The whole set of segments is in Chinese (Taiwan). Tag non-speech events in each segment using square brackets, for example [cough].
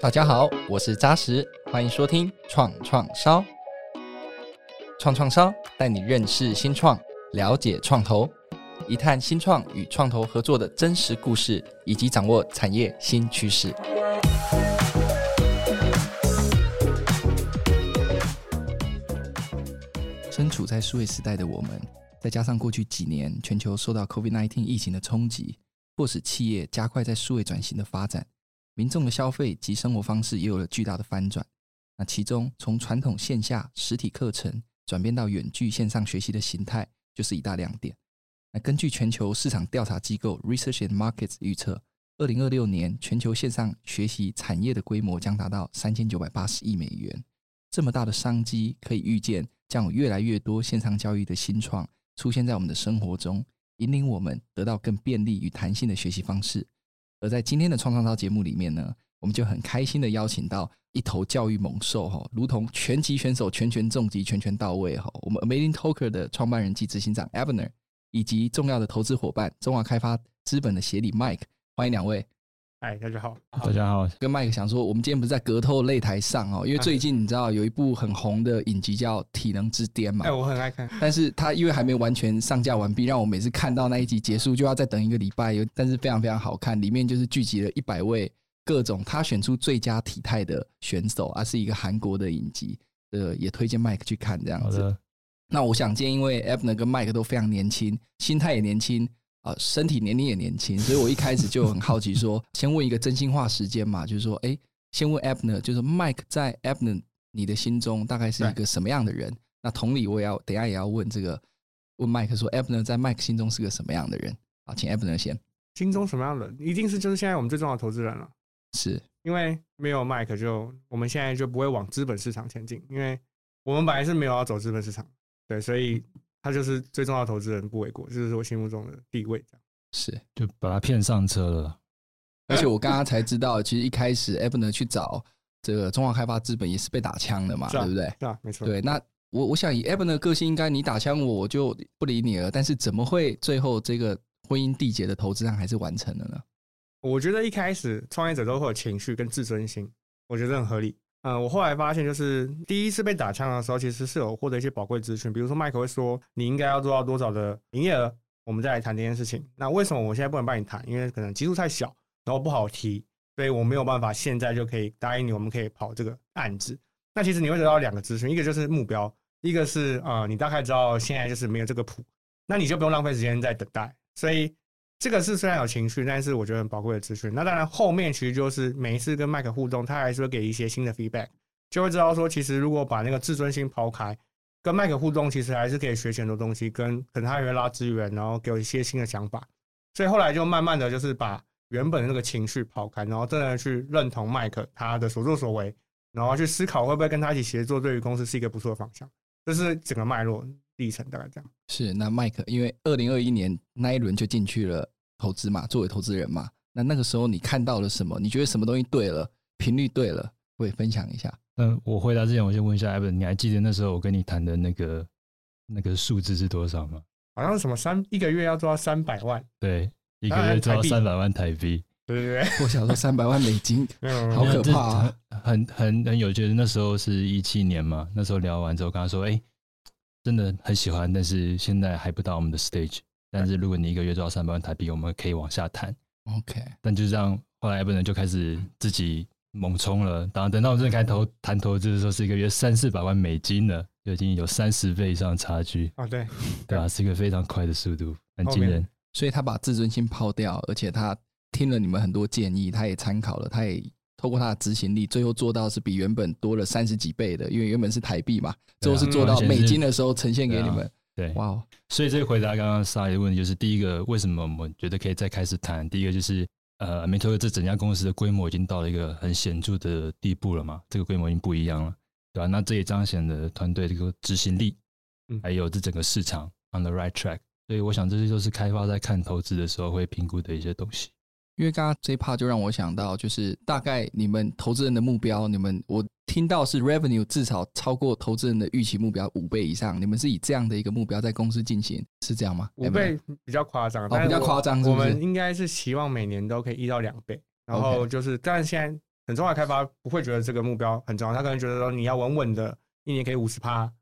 大家好，我是扎實，歡迎收聽創創燒，創創燒帶你認識新創，了解創投，一探新創與創投合作的真實故事，以及掌握產業新趨勢。身處在數位時代的我們，再加上過去幾年全球受到 COVID-19 疫情的衝擊，迫使企業加快在數位轉型的發展。民眾的消費及生活方式也有了巨大的翻轉，那其中從傳統線下實體課程轉變到遠距線上學習的形態就是一大亮點。那根據全球市場調查機構 Research and Markets 預測，二零二六年全球線上學習產業的規模將達到三千九百八十億美元。這麼大的商機，可以預見將有越來越多線上教育的新創出現在我們的生活中，引領我們得到更便利與彈性的學習方式。而在今天的《創創燒》節目裡面呢，我們就很開心的邀請到一頭教育猛獸哈，如同拳擊選手拳拳重擊，拳拳到位哈。我們 Amazing Talker 的創辦人及執行長 Abner 以及重要的投資夥伴中華開發資本的協理 Mike，歡迎兩位。哎，大家好，大家好。跟 Mike 想說，我們今天不是在格鬥擂台上哦，因為最近你知道有一部很紅的影集叫《體能之巔》嘛。哎、欸，我很愛看，但是他因為還沒完全上架完畢，讓我每次看到那一集結束就要再等一個禮拜。但是非常非常好看，裡面就是聚集了一百位各種他選出最佳體態的選手，而、啊、是一個韓國的影集。呃，也推薦 Mike 去看這樣子。那我想，今天因為 Abner 跟 Mike 都非常年輕，心態也年輕。身體年齡也年輕，所以我一開始就很好奇說，說 [laughs] 先問一個真心話時間嘛，就是說，誒、欸，先問 Abner 就是 Mike 在 Abner 你的心中大概是一個什麼樣的人？Right. 那同理，我也要等下也要問這個，問麥克說，Abner 在麥克心中是個什麼樣的人？好，請 Abner 先。心中什麼樣的人？一定是就是現在我們最重要的投資人了，是因為沒有麥克，就我們現在就不會往資本市場前進，因為我們本來是沒有要走資本市場，對，所以。他就是最重要的投資人不為過，就是我心目中的地位這樣。是，就把他騙上車了。而且我剛剛才知道，呃，其實一開始 Abner 去找這個中華開發資本也是被打槍的嘛，啊，對不對？對，啊，沒錯。對，那我我想以 Abner 的個性，應該你打槍我我就不理你了。但是怎麼會最後這個婚姻締結的投資案還是完成了呢？我覺得一開始創業者都會有情緒跟自尊心，我覺得很合理。嗯，我後來發現，就是第一次被打槍的時候，其實是有獲得一些寶貴資訊，比如說麥克會說你應該要做到多少的營業額，我們再來談這件事情。那為什麼我現在不能幫你談？因為可能基數太小，然後不好提，所以我沒有辦法現在就可以答應你，我們可以跑這個案子。那其實你會得到兩個資訊，一個就是目標，一個是啊、嗯，你大概知道現在就是沒有這個譜，那你就不用浪費時間再等待。所以。這個是雖然有情緒，但是我覺得很寶貴的資訊。那當然，後面其實就是每一次跟麥克互動，他還是會給一些新的 feedback，就會知道說，其實如果把那個自尊心拋開，跟麥克互動，其實還是可以學習很多東西。跟可能他也會拉資源，然後給我一些新的想法。所以後來就慢慢的，就是把原本的那個情緒拋開，然後真的去認同麥克他的所作所為，然後去思考會不會跟他一起協作，對於公司是一個不錯的方向。這是整個脈絡。底層大概這樣是那 Mike，因為二零二一年那一輪就進去了投資嘛，作為投資人嘛，那那個時候你看到了什麼？你覺得什麼東西對了，頻率對了？會分享一下？嗯，我回答之前，我先問一下 Abner 你還記得那時候我跟你談的那個那個數字是多少嗎？好像是什麼三一個月要做到三百萬，對，一個月做到三百萬台幣、嗯嗯，對對,對我想說三百萬美金， [laughs] 嗯、好可怕、啊很，很很很有趣。那時候是一七年嘛，那時候聊完之後，跟他說，哎、欸。真的很喜歡，但是現在還不到我們的 stage。但是如果你一個月做到三百萬台幣，我們可以往下談。OK。但就這樣，後來 Abner 就開始自己猛衝了。當然，等到我們開始談投談投資的時候，就是說是一個月三四百萬美金了，就已經有三十倍以上的差距啊，對，對，對啊，是一個非常快的速度，很驚人。所以他把自尊心拋掉，而且他聽了你們很多建議，他也參考了，他也。透過他的執行力，最後做到是比原本多了三十幾倍的，因為原本是台幣嘛，最後是做到美金的時候呈現給你們。對、啊，哇、啊 wow，所以這個回答剛剛沙爺的問題，就是第一個為什麼我們覺得可以再開始談？第一個就是呃，Meta 這整家公司的規模已經到了一個很顯著的地步了嘛，這個規模已經不一樣了，對吧、啊？那這也彰顯了團隊這個執行力，還有這整個市場、嗯、on the right track，所以我想這些都是開發在看投資的時候會評估的一些東西。因為剛剛這一 part 就讓我想到，就是大概你們投資人的目標，你們我聽到是 revenue 至少超過投資人的預期目標五倍以上，你們是以這樣的一個目標在公司進行，是這樣嗎？五倍比較誇張、欸，哦，比較誇張。我們應該是希望每年都可以一到兩倍，然後就是，okay. 但是現在很重要的開發不會覺得這個目標很重要，他可能覺得說你要穩穩的，一年可以五十趴，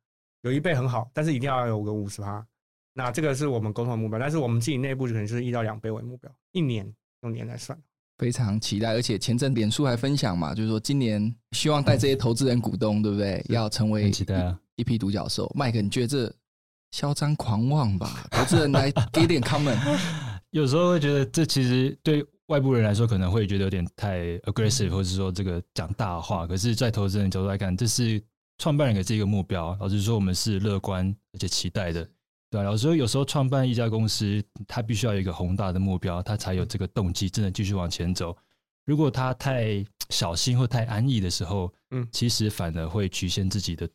有一倍很好，但是一定要有個五十趴。那這個是我們溝通的目標，但是我們自己內部可能就是一到兩倍為目標，一年。年來算，非常期待。而且前陣臉書還分享嘛，就是說今年希望帶這些投資人股東，嗯，對不對？要成為一批獨、啊、角獸。Mike，你覺得這囂張狂妄吧？投資人來給一點 comment。 [laughs] 有時候會覺得這其實對外部人來說可能會覺得有點太 aggressive，或是說這個講大話。可是，在投資人角度來看，這是創辦人的這一個目標，老實說我們是樂觀而且期待的。對、啊，老師說有時候創辦一家公司，他必須要有一個宏大的目標，他才有這個動機，真的繼續往前走。如果他太小心或太安逸的時候，嗯，其實反而會局限自己的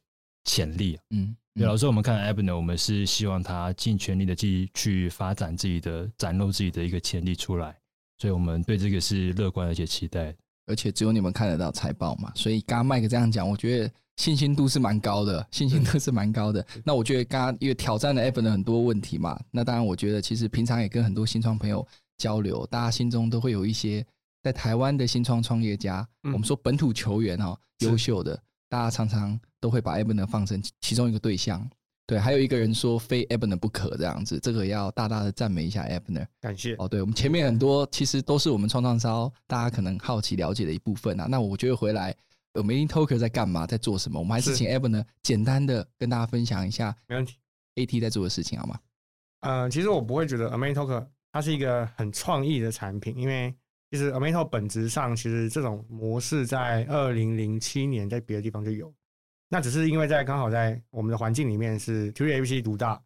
潛力。嗯，嗯啊、老師我們看 Abner 我們是希望他盡全力的去去發展自己的，展露自己的一個潛力出來。所以，我們對這個是樂觀而且期待。而且只有你們看得到財報嘛，所以剛剛 Mike 這樣講，我覺得。信心度是蠻高的，信心度是蠻高的、嗯。那我覺得剛剛因為挑戰了 Abner 的很多問題嘛，那當然我覺得其實平常也跟很多新創朋友交流，大家心中都會有一些在台灣的新創創業家、嗯，我們說本土球員哦，優秀的，大家常常都會把 Abner 放成其中一個對象。對，還有一個人說非 Abner 不可這樣子，這個要大大的讚美一下 Abner，感謝。哦，對，我們前面很多其實都是我們創創燒大家可能好奇了解的一部分啊。那我覺得回來。AmazingTalker 在幹嘛，在做什麼？我們還是請 Abner 呢，簡單的跟大家分享一下。沒問題，AT 在做的事情好嗎？呃，其實我不會覺得 AmazingTalker 它是一個很創意的產品，因為其實 AmazingTalker 本質上其實這種模式在二零零七年在別的地方就有，那只是因為在剛好在我們的環境裡面是 TutorABC 獨大，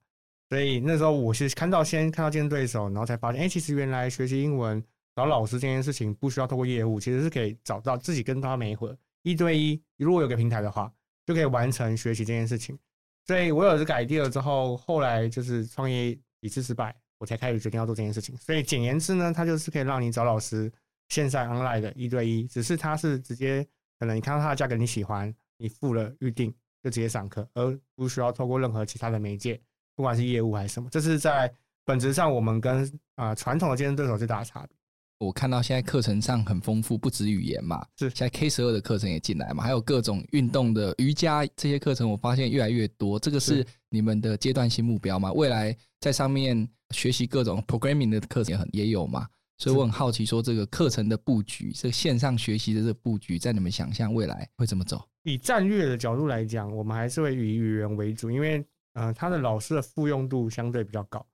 所以那時候我是看到先看到競爭對手，然後才發現，哎，其實原來學習英文找老師這件事情不需要透過業務，其實是可以找到自己跟他們一會。一對一，如果有個平台的話，就可以完成學習這件事情。所以我有這個 idea 之後，後來就是創業幾次失敗，我才開始決定要做這件事情。所以簡言之呢，它就是可以讓你找老師，線上 online 的一對一，只是它是直接，可能你看到他的價格你喜歡，你付了預定就直接上課，而不需要透過任何其他的媒介，不管是業務還是什麼，這是在本質上我們跟啊呃、傳統的競爭對手最大的差別。我看到現在課程上很豐富，不止語言嘛，是現在 K 十二的課程也進來嘛，還有各種運動的瑜伽這些課程，我發現越來越多。這個是你們的階段性目標嘛？未來在上面學習各種 programming 的課程也很也有嘛？所以我很好奇，說這個課程的布局，是這個、線上學習的這個布局，在你們想象未來會怎麼走？以戰略的角度來講，我們還是會以語言為主，因為呃他的老師的複用度相對比較高。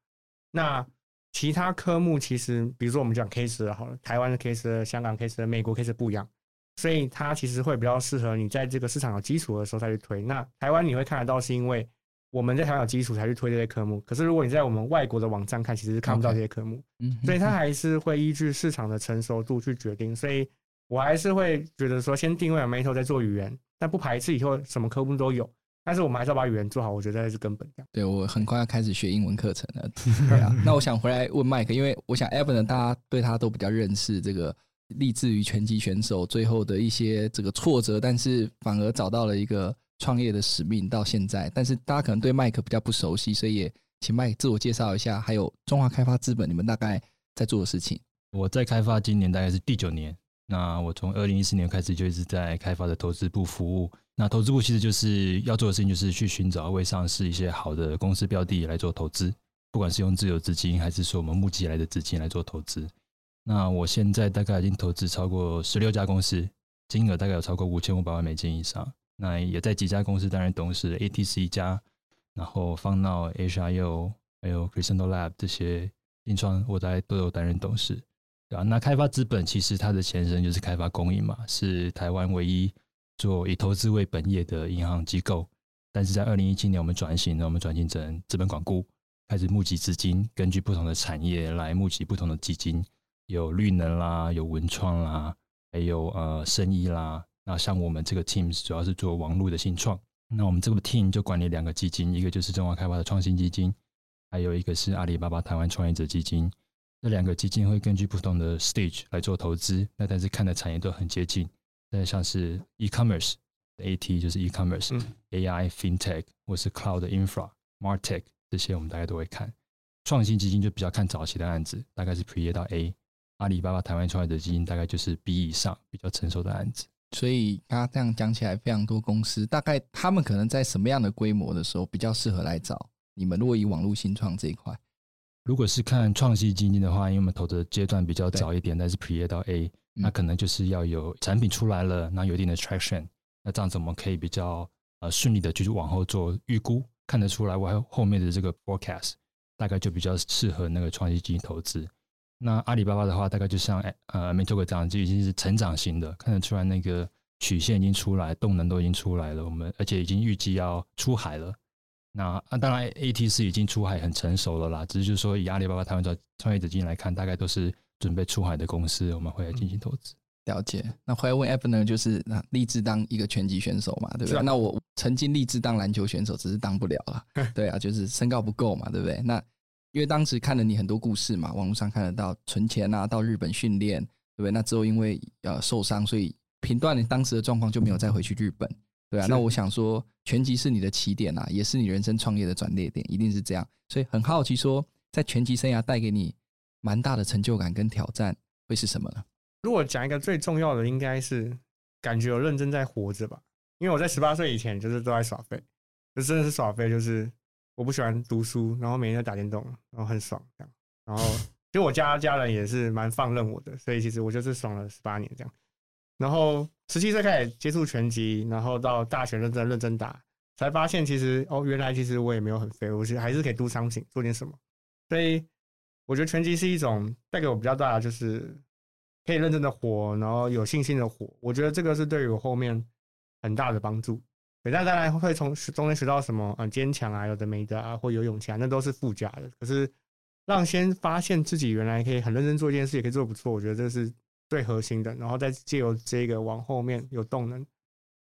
那。其他科目其實，比如說我們講 case 的好了，台灣的 case、香港的 case、美國的 case 不一樣，所以它其實會比較適合你在這個市場有基礎的時候再去推。那台灣你會看得到，是因為我們在台灣有基礎才去推這些科目。可是如果你在我們外國的網站看，其實是看不到這些科目，okay. 所以它還是會依據市場的成熟度去決定。所以我還是會覺得說，先定位 Metal 再做語言，但不排斥以後什麼科目都有。但是我們還是要把語言做好，我覺得這是根本這樣。對，對，我很快要開始學英文課程了，對啊。那我想回來問麥克，因為我想 Evan 大家對他都比較認識，這個立志於拳擊選手最後的一些這個挫折，但是反而找到了一個創業的使命到現在。但是大家可能對麥克比較不熟悉，所以也請麥克自我介紹一下。還有中華開發資本，你們大概在做的事情？我在開發，今年大概是第九年。那我從二零一四年開始就一直在開發的投資部服務。那投資部其實就是要做的事情，就是去尋找未上市一些好的公司標的來做投資，不管是用自有資金，還是說我們募集來的資金來做投資。那我現在大概已經投資超過十六家公司，金額大概有超過五千五百萬美金以上。那也在幾家公司擔任董事，ATC 加，然後放 o HIO 還有 Crystal Lab 這些印創，我在都有擔任董事，對啊。那開發資本其實它的前身就是開發工銀嘛，是台灣唯一。做以投資為本業的銀行機構，但是在二零一七年我，我們轉型了，我們轉型成資本管顧，開始募集資金，根據不同的產業來募集不同的基金，有綠能啦，有文創啦，還有呃生意啦。那像我們這個 teams 主要是做網絡的新創，那我們這個 team 就管理兩個基金，一個就是中華開發的創新基金，還有一個是阿里巴巴台灣創業者基金。這兩個基金會根據不同的 stage 來做投資，那但是看的產業都很接近。那像是 e-commerce A T 就是 e-commerce，AI FinTech 或是 Cloud Infra Martech 這些，我們大家都會看。創新基金就比較看早期的案子，大概是 Pre A 到 A。阿里巴巴台灣創業者基金大概就是 B 以上，比較成熟的案子。所以他這樣講起來，非常多公司，大概他們可能在什麼樣的規模的時候比較適合來找你們？如果以網絡新創這一塊。如果是看創新基金的話，因為我們投資的階段比較早一點，但是 Pre A 到 A，嗯，那可能就是要有產品出來了，那有一定的 traction，那這樣子我們可以比較呃順利的，就是往後做預估，看得出來，我後面的這個 forecast 大概就比較適合那個創新基金投資。那阿里巴巴的話，大概就像呃美團這樣，就已經是成長型的，看得出來那個曲線已經出來，動能都已經出來了，我們而且已經預計要出海了。那當然，A T 是已經出海很成熟了啦。只是就是說，以阿里巴巴台灣的創業者進來看，大概都是準備出海的公司，我們會來進行投資，嗯。了解。那回來問 Abner 呢，就是立志當一個拳擊選手嘛，對不對？啊、那我曾經立志當籃球選手，只是當不了了。對啊，就是身高不夠嘛，對不對？那因為當時看了你很多故事嘛，網絡上看得到存錢啊，到日本訓練，對不對？那之後因為呃受傷，所以評斷你當時的狀況就沒有再回去日本。對啊，那我想說，拳擊是你的起點啊，也是你人生創業的轉捩點，一定是這樣。所以很好奇說，說在拳擊生涯帶給你蠻大的成就感跟挑戰，會是什麼呢？如果講一個最重要的，應該是感覺有認真在活着吧。因為我在十八歲以前，就是都在耍廢，就真的是耍廢，就是我不喜歡讀書，然後每天在打電動，然後很爽這樣。然後其實我家家人也是蠻放任我的，所以其實我就是爽了十八年這樣。然後十七歲開始接觸拳擊，然後到大學認真認真打，才發現其實哦，原來其實我也沒有很廢，我其實還是可以 do something 做點什麼。所以我覺得拳擊是一種帶給我比較大的，就是可以認真的活，然後有信心的活。我覺得這個是對於我後面很大的幫助。大家當然會從中間學到什麼，嗯、呃，堅強啊，有的沒的啊，或有勇氣啊，那都是附加的。可是讓先發現自己原來可以很認真做一件事，也可以做的不錯，我覺得這是。最核心的，然後再借由這個往後面有動能，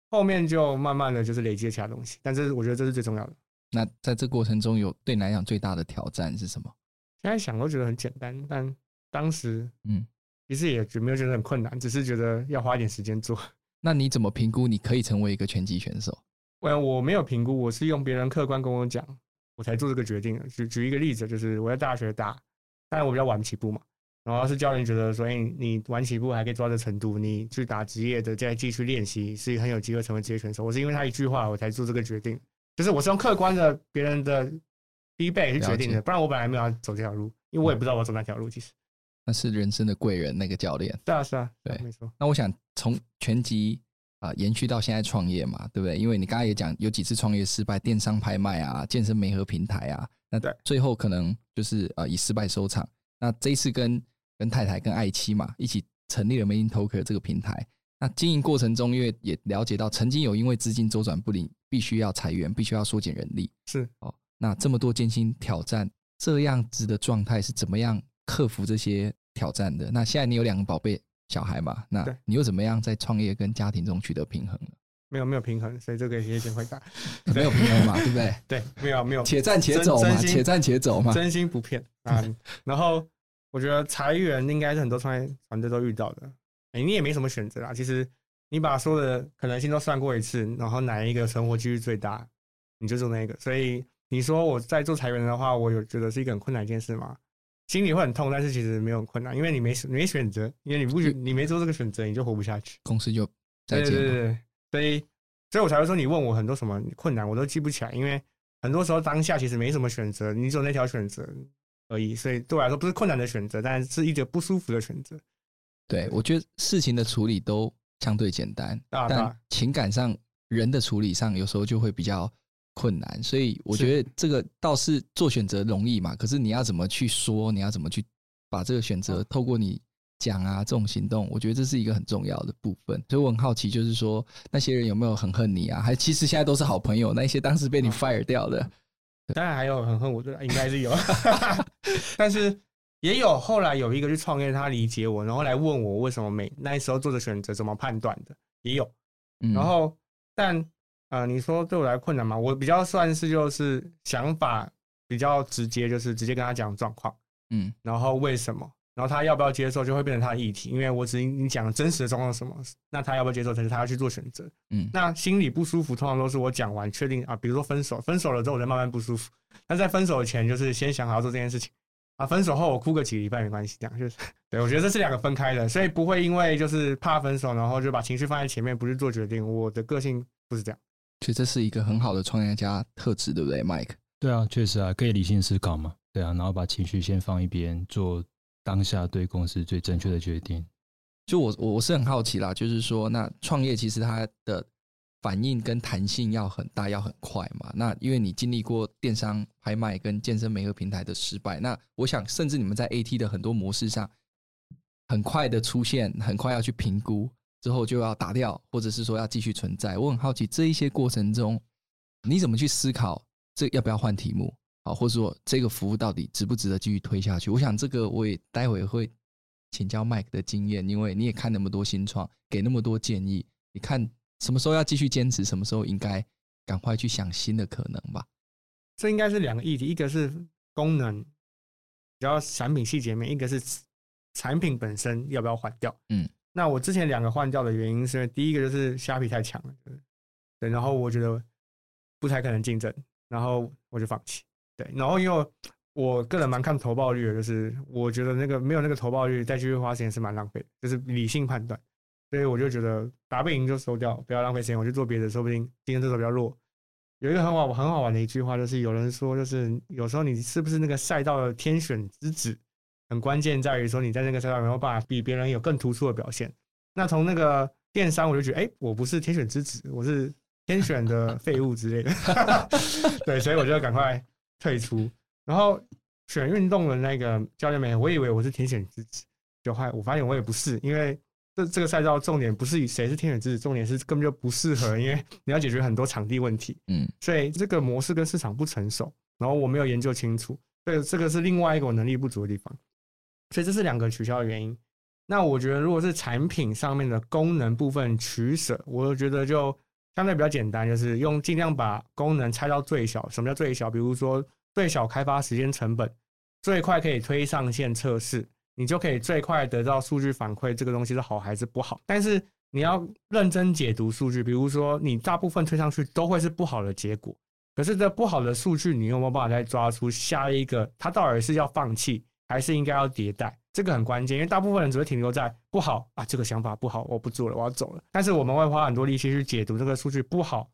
後面就慢慢的就是累積其他東西。但這是我覺得這是最重要的。那在這過程中，有對你來講最大的挑戰是什麼？現在想都覺得很簡單，但當時，嗯，其實也覺沒有覺得很困難，只是覺得要花一點時間做。那你怎麼評估你可以成為一個拳擊選手？我、嗯、我沒有評估，我是用別人客觀跟我講，我才做這個決定。舉舉一個例子，就是我在大學打，當然我比較晚起步嘛。然後是教練覺得說，所、欸、以你晚起步還可以抓到這程度，你去打職業的再繼續練習，是很有機會成為職業選手。我是因為他一句話，我才做這個決定，就是我是用客觀的別人的 feedback 去決定的，不然我本來沒有要走這條路，因為我也不知道我走哪條路。其實、嗯、那是人生的貴人，那個教練。是啊，是啊，對。沒錯。那我想從拳擊啊，延續到現在創業嘛，對不對？因為你剛剛也講有幾次創業失敗，電商拍賣啊，健身媒合平台啊，那最後可能就是啊、呃、以失敗收場。那這一次跟跟太太、跟愛妻嘛，一起成立了 AmazingTalker 這個平台。那經營過程中，因為也了解到，曾經有因為資金週轉不靈，必須要裁員，必須要縮減人力。是哦，那這麼多艱辛挑戰，這樣子的狀態是怎麼樣克服這些挑戰的？那現在你有兩個寶貝小孩嘛？那你又怎麼樣在創業跟家庭中取得平衡？沒有，沒有平衡，所以這個也先回答。 [laughs] 沒有平衡嘛，對不對？對，沒有、啊，沒有，且戰且走嘛，且戰且走嘛，真心不騙啊。嗯、 [laughs] 然後。我覺得裁員應該是很多創業團隊都遇到的、欸，你也沒什麼選擇啊。其實你把所有的可能性都算過一次，然後哪一個存活幾率最大，你就做那個。所以你說我在做裁員的話，我有覺得是一個很困難一件事嗎？心裡會很痛，但是其實沒有困難，因為你沒沒選擇，因為你不選你沒做這個選擇，你就活不下去，公司就對對對、對，所以所以我才會說你問我很多什麼困難，我都記不起來，因為很多時候當下其實沒什麼選擇，你只有那條選擇。所以，所以對我來說不是困難的選擇，但是是一個不舒服的選擇。對，我覺得事情的處理都相對簡單，啊，但情感上，人的處理上有時候就會比較困難。所以，我覺得這個倒是做選擇容易嘛，可是你要怎麼去說，你要怎麼去把這個選擇透過你講啊、嗯、這種行動，我覺得這是一個很重要的部分。所以我很好奇，就是說那些人有沒有很恨你啊？還其實現在都是好朋友，那些當時被你 fire 掉的？嗯當然還有很恨我，應該是有 [laughs] [laughs] 但是也有後來有一個去創業，他理解我，然後來問我為什麼沒那時候做的選擇怎麼判斷的，也有、嗯，然後但、呃、你說對我來說困難嘛？我比較算是就是想法比較直接，就是直接跟他講狀況，嗯，然後為什麼？然後他要不要接受，就會變成他的議題。因為我只因你講真實的狀況是什麼，那他要不要接受，才是他要去做選擇。嗯，那心裡不舒服，通常都是我講完確定啊，比如說分手，分手了之後我再慢慢不舒服。那在分手前，就是先想好做這件事情啊。分手後我哭個幾禮拜沒關係，這樣就是。對，我覺得這是兩個分開的，所以不會因為就是怕分手，然後就把情緒放在前面，不去做決定。我的個性不是這樣。其實這是一個很好的創業家特質，對不對，Mike？對啊，確實啊，可以理性思考嘛。對啊，然後把情緒先放一邊做。當下對公司最正確的決定，就我我是很好奇啦，就是說，那創業其實它的反應跟彈性要很大，要很快嘛。那因為你經歷過電商拍賣跟健身美容平台的失敗，那我想，甚至你們在 AT 的很多模式上，很快的出現，很快要去評估之後就要打掉，或者是說要繼續存在。我很好奇這一些過程中，你怎麼去思考這要不要換題目？啊，或者說這個服務到底值不值得繼續推下去？我想這個我也待會會請教 Mike 的經驗，因為你也看那麼多新創，給那麼多建議，你看什麼時候要繼續堅持，什麼時候應該趕快去想新的可能吧。這應該是兩個議題，一個是功能，然後產品細節面，一個是產品本身要不要換掉。嗯，那我之前兩個換掉的原因是因為第一個就是蝦皮太強了，對，對，然後我覺得不太可能競爭，然後我就放棄。對，然後因為我個人蠻看投報率的，就是我覺得那個沒有那個投報率再去花錢是蠻浪費的，就是理性判斷，所以我就覺得打不贏就收掉，不要浪費錢，我去做別的。說不定今天這手比較弱。有一個很好很好玩的一句話，就是有人說，就是有時候你是不是那個賽道的天選之子，很關鍵在於說你在那個賽道沒有辦法比別人有更突出的表現。那從那個電商，我就覺得，哎，我不是天選之子，我是天選的廢物之類的。 [laughs] [laughs] 對，所以我就要趕快退出，然後選運動的那個教練們，我以為我是天選之子，就快我發現我也不是，因為這這個賽道重點不是以誰是天選之子，重點是根本就不適合，因為你要解決很多場地問題，嗯，所以這個模式跟市場不成熟，然後我沒有研究清楚，這個這個是另外一個我能力不足的地方，所以這是兩個取消的原因。那我覺得如果是產品上面的功能部分取捨，我覺得就。相對比較簡單，就是用儘量把功能拆到最小。什麼叫最小？比如說最小開發時間成本，最快可以推上線測試，你就可以最快得到數據反饋，這個東西是好還是不好。但是你要認真解讀數據，比如說你大部分推上去都會是不好的結果，可是這不好的數據你又沒有辦法再抓出下一個，它到底是要放棄，還是應該要迭代？這個很關鍵，因為大部分人只會停留在不好啊，這個想法不好，我不做了，我要走了。但是我們會花很多力氣去解讀這個數據不好，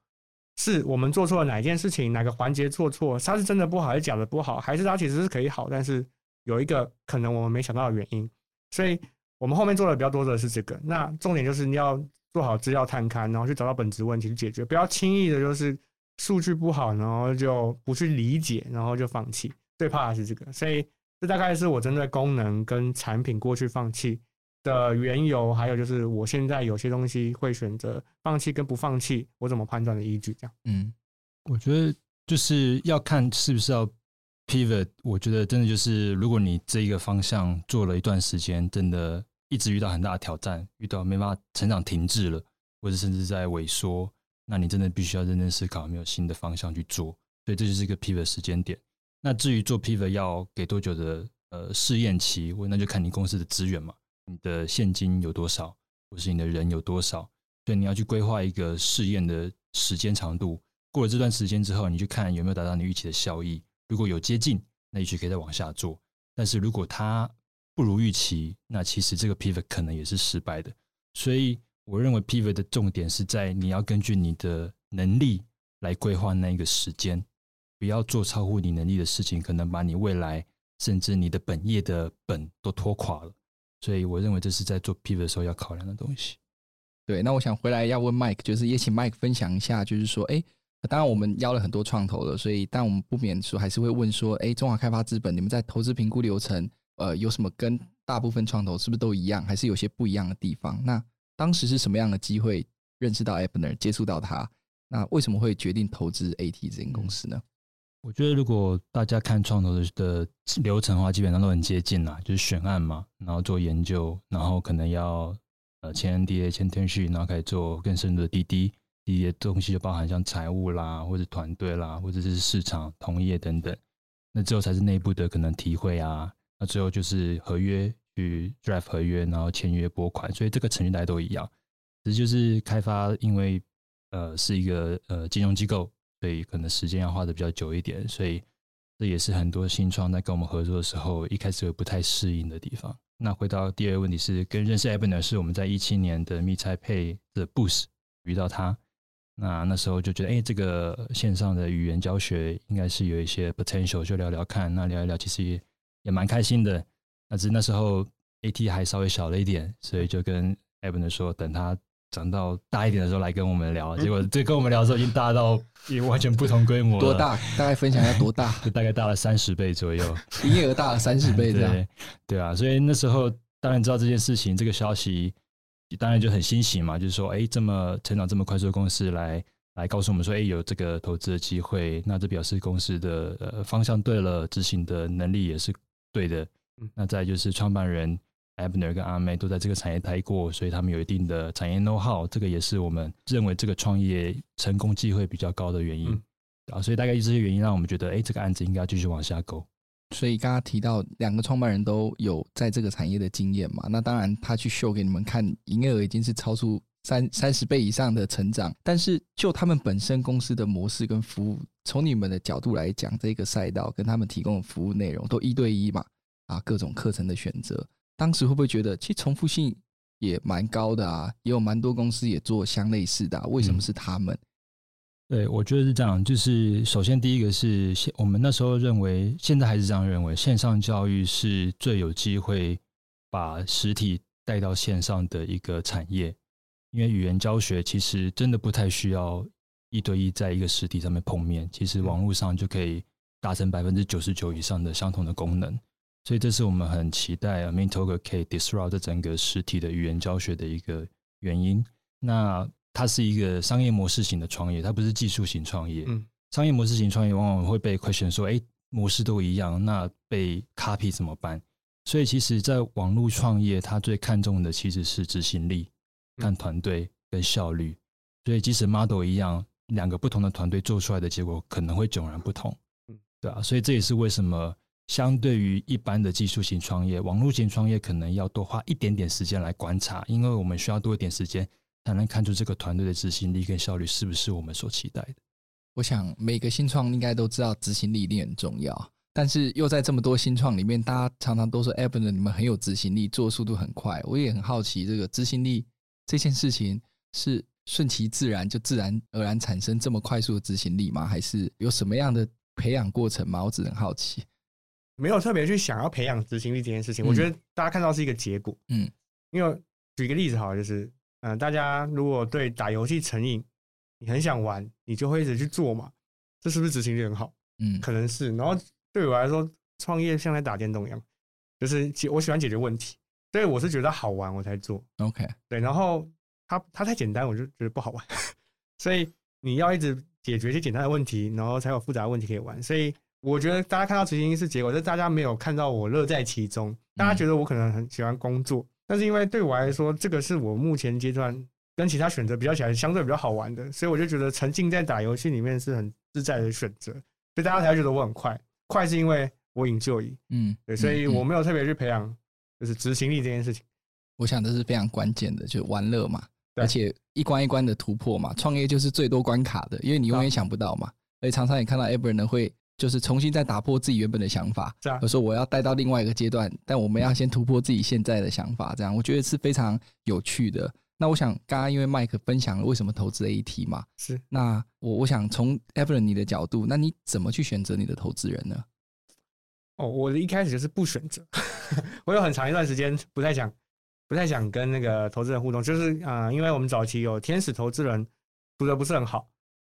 是我們做錯了哪件事情，哪個環節做錯，它是真的不好還是假的不好，還是它其實是可以好，但是有一個可能我們沒想到的原因。所以我們後面做的比較多的是這個。那重點就是你要做好資料探勘，然後去找到本質問題去解決，不要輕易的就是數據不好，然後就不去理解，然後就放棄。最怕的是這個，所以。這大概是我針對功能跟產品過去放棄的緣由，還有就是我現在有些東西會選擇放棄跟不放棄，我怎麼判斷的依據？這樣，嗯，我覺得就是要看是不是要 pivot。我覺得真的就是，如果你這一個方向做了一段時間，真的一直遇到很大的挑戰，遇到沒辦法成長停滯了，或者甚至在萎縮，那你真的必須要認真思考有沒有新的方向去做。所以這就是一個 pivot 時間點。那至於做 Pivot 要給多久的呃試驗期，我那就看你公司的資源嘛，你的現金有多少，或是你的人有多少，所以你要去規劃一個試驗的時間長度。過了這段時間之後，你去看有沒有達到你預期的效益。如果有接近，那也許可以再往下做；但是如果它不如預期，那其實這個 Pivot 可能也是失敗的。所以我認為 Pivot 的重點是在你要根據你的能力來規劃那個時間。不要做超乎你能力的事情，可能把你未來甚至你的本業的本都拖垮了。所以我認為這是在做 PE 的時候要考量的東西。對，那我想回來要問 Mike，就是也請 Mike 分享一下，就是說，哎，當然我們邀了很多創投了，所以但我們不免說還是會問說，哎，中華開發資本，你們在投資評估流程，呃，有什麼跟大部分創投是不是都一樣，還是有些不一樣的地方？那當時是什麼樣的機會認識到 Abner，接觸到他？那為什麼會決定投資 AT 這間公司呢？嗯我覺得，如果大家看創投的的流程的話，基本上都很接近吶，就是選案嘛，然後做研究，然後可能要呃簽 NDA、簽 terms，然後開始做更深入的 DD。DD 的東西就包含像財務啦，或者團隊啦，或者是市場同業等等。那之後才是內部的可能體會啊，那之後就是合約去 draft 合約，然後簽約撥款。所以這個程序大家都一樣，其實就是開發，因為呃是一個呃金融機構。所以可能時間要花的比較久一點，所以這也是很多新創在跟我們合作的時候一開始會不太適應的地方。那回到第二個問題是跟認識 Abner，是我們在一七年的密猜配的 Boost 遇到他，那那時候就覺得哎，這個線上的語言教學應該是有一些 potential，就聊聊看。那聊一聊，其實也，也蠻開心的。那只是那時候 AT 還稍微小了一點，所以就跟 Abner 說，等他，長到大一點的時候來跟我們聊，結果這跟我們聊的時候已經大到也完全不同規模了。多大？大概分享一下多大？就大概大了三十倍左右， [laughs] 營業額大了三十倍，這樣。對，對啊。所以那時候當然知道這件事情，這個消息當然就很欣喜嘛。就是說，哎，這麼成長這麼快速的公司來，來來告訴我們說，哎，有這個投資的機會，那這表示公司的呃方向對了，執行的能力也是對的。那再就是創辦人。Abner 跟阿 May 都在這個產業待過，所以他們有一定的產業 know how，這個也是我們認為這個創業成功機會比較高的原因、嗯。啊，所以大概就這些原因，讓我們覺得，哎、欸，這個案子應該要繼續往下走。所以剛剛提到兩個創辦人都有在這個產業的經驗嘛，那當然他去秀給你們看，營業額已經是超出三三十倍以上的成長。但是就他們本身公司的模式跟服務，從你們的角度來講，這個賽道跟他們提供的服務內容都一對一嘛，啊，各種課程的選擇。當時會不會覺得，其實重複性也蠻高的啊，也有蠻多公司也做相類似的啊，為什麼是他們？嗯，對，我覺得是這樣，就是首先第一個是，我們那時候認為，現在還是這樣認為，線上教育是最有機會把實體帶到線上的一個產業，因為語言教學其實真的不太需要一對一在一個實體上面碰面，其實網絡上就可以達成百分之九十九以上的相同的功能。所以這是我們很期待 AmazingTalker 可以 disrupt 整個實體的語言教學的一個原因。那它是一個商業模式型的創業，它不是技術型創業。嗯，商業模式型創業往往會被 question 說：“哎、欸，模式都一樣，那被 copy 怎麼辦？”所以，其實在網絡創業，它最看重的其實是執行力、看團隊跟效率。所以，即使 model 一樣，兩個不同的團隊做出來的結果可能會迥然不同。對啊。所以這也是為什麼。相對於一般的技術型創業，網絡型創業可能要多花一點點時間來觀察，因為我們需要多一點時間才能看出這個團隊的執行力跟效率是不是我們所期待的。我想每個新創應該都知道執行力一定很重要，但是又在這麼多新創裡面，大家常常都說 Abner，你們很有執行力，做速度很快。我也很好奇，這個執行力這件事情是順其自然就自然而然產生這麼快速的執行力嗎？還是有什麼樣的培養過程嗎？我只很好奇。沒有特別去想要培養執行力這件事情，我覺得大家看到是一個結果。嗯，因為舉一個例子好了，就是嗯、呃，大家如果對打遊戲成癮，你很想玩，你就會一直去做嘛，這是不是執行力很好？嗯，可能是。然後對我來說，創業像在打電動一樣，就是我喜歡解決問題，所以我是覺得好玩我才做。OK，對。然後它它太簡單，我就覺得不好玩， [laughs] 所以你要一直解決一些簡單的問題，然後才有複雜的問題可以玩，所以。我覺得大家看到執行力是結果，就大家沒有看到我樂在其中。大家覺得我可能很喜歡工作，嗯、但是因為對我來說，這個是我目前階段跟其他選擇比較起來相對比較好玩的，所以我就覺得沉浸在打遊戲裡面是很自在的選擇。所以大家才會覺得我很快，快是因為我 enjoy。嗯，對，所以我沒有特別去培養就是執行力這件事情。我想這是非常關鍵的，就是、玩樂嘛，對，而且一關一關的突破嘛。創業就是最多關卡的，因為你永遠想不到嘛，所、啊、以常常也看到 Abner 的會。就是重新再打破自己原本的想法，比如說我要帶到另外一個階段，但我們要先突破自己現在的想法，這樣我覺得是非常有趣的。那我想剛剛因為麥克分享了為什麼投資 AT 嘛，是那我我想從 Abner 你的角度，那你怎麼去選擇你的投資人呢？哦，我的一開始就是不選擇， [laughs] 我有很長一段時間不太想、不太想跟那個投資人互動，就是啊、呃，因為我們早期有天使投資人，投的不是很好。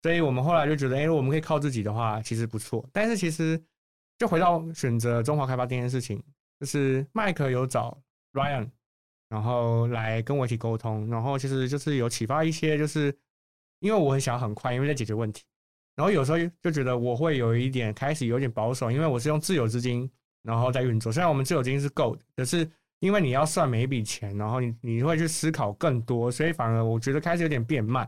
所以我們後來就覺得，哎、欸，我們可以靠自己的話，其實不錯。但是其實就回到選擇中華開發這件事情，就是 Mike 有找 Ryan，然後來跟我一起溝通，然後其實就是有啟發一些。就是因為我很想很快，因為在解決問題。然後有時候就覺得我會有一點開始有點保守，因為我是用自有資金然後在運作。雖然我們自有資金是夠的，可是因為你要算每一筆錢，然後你你會去思考更多，所以反而我覺得開始有點變慢。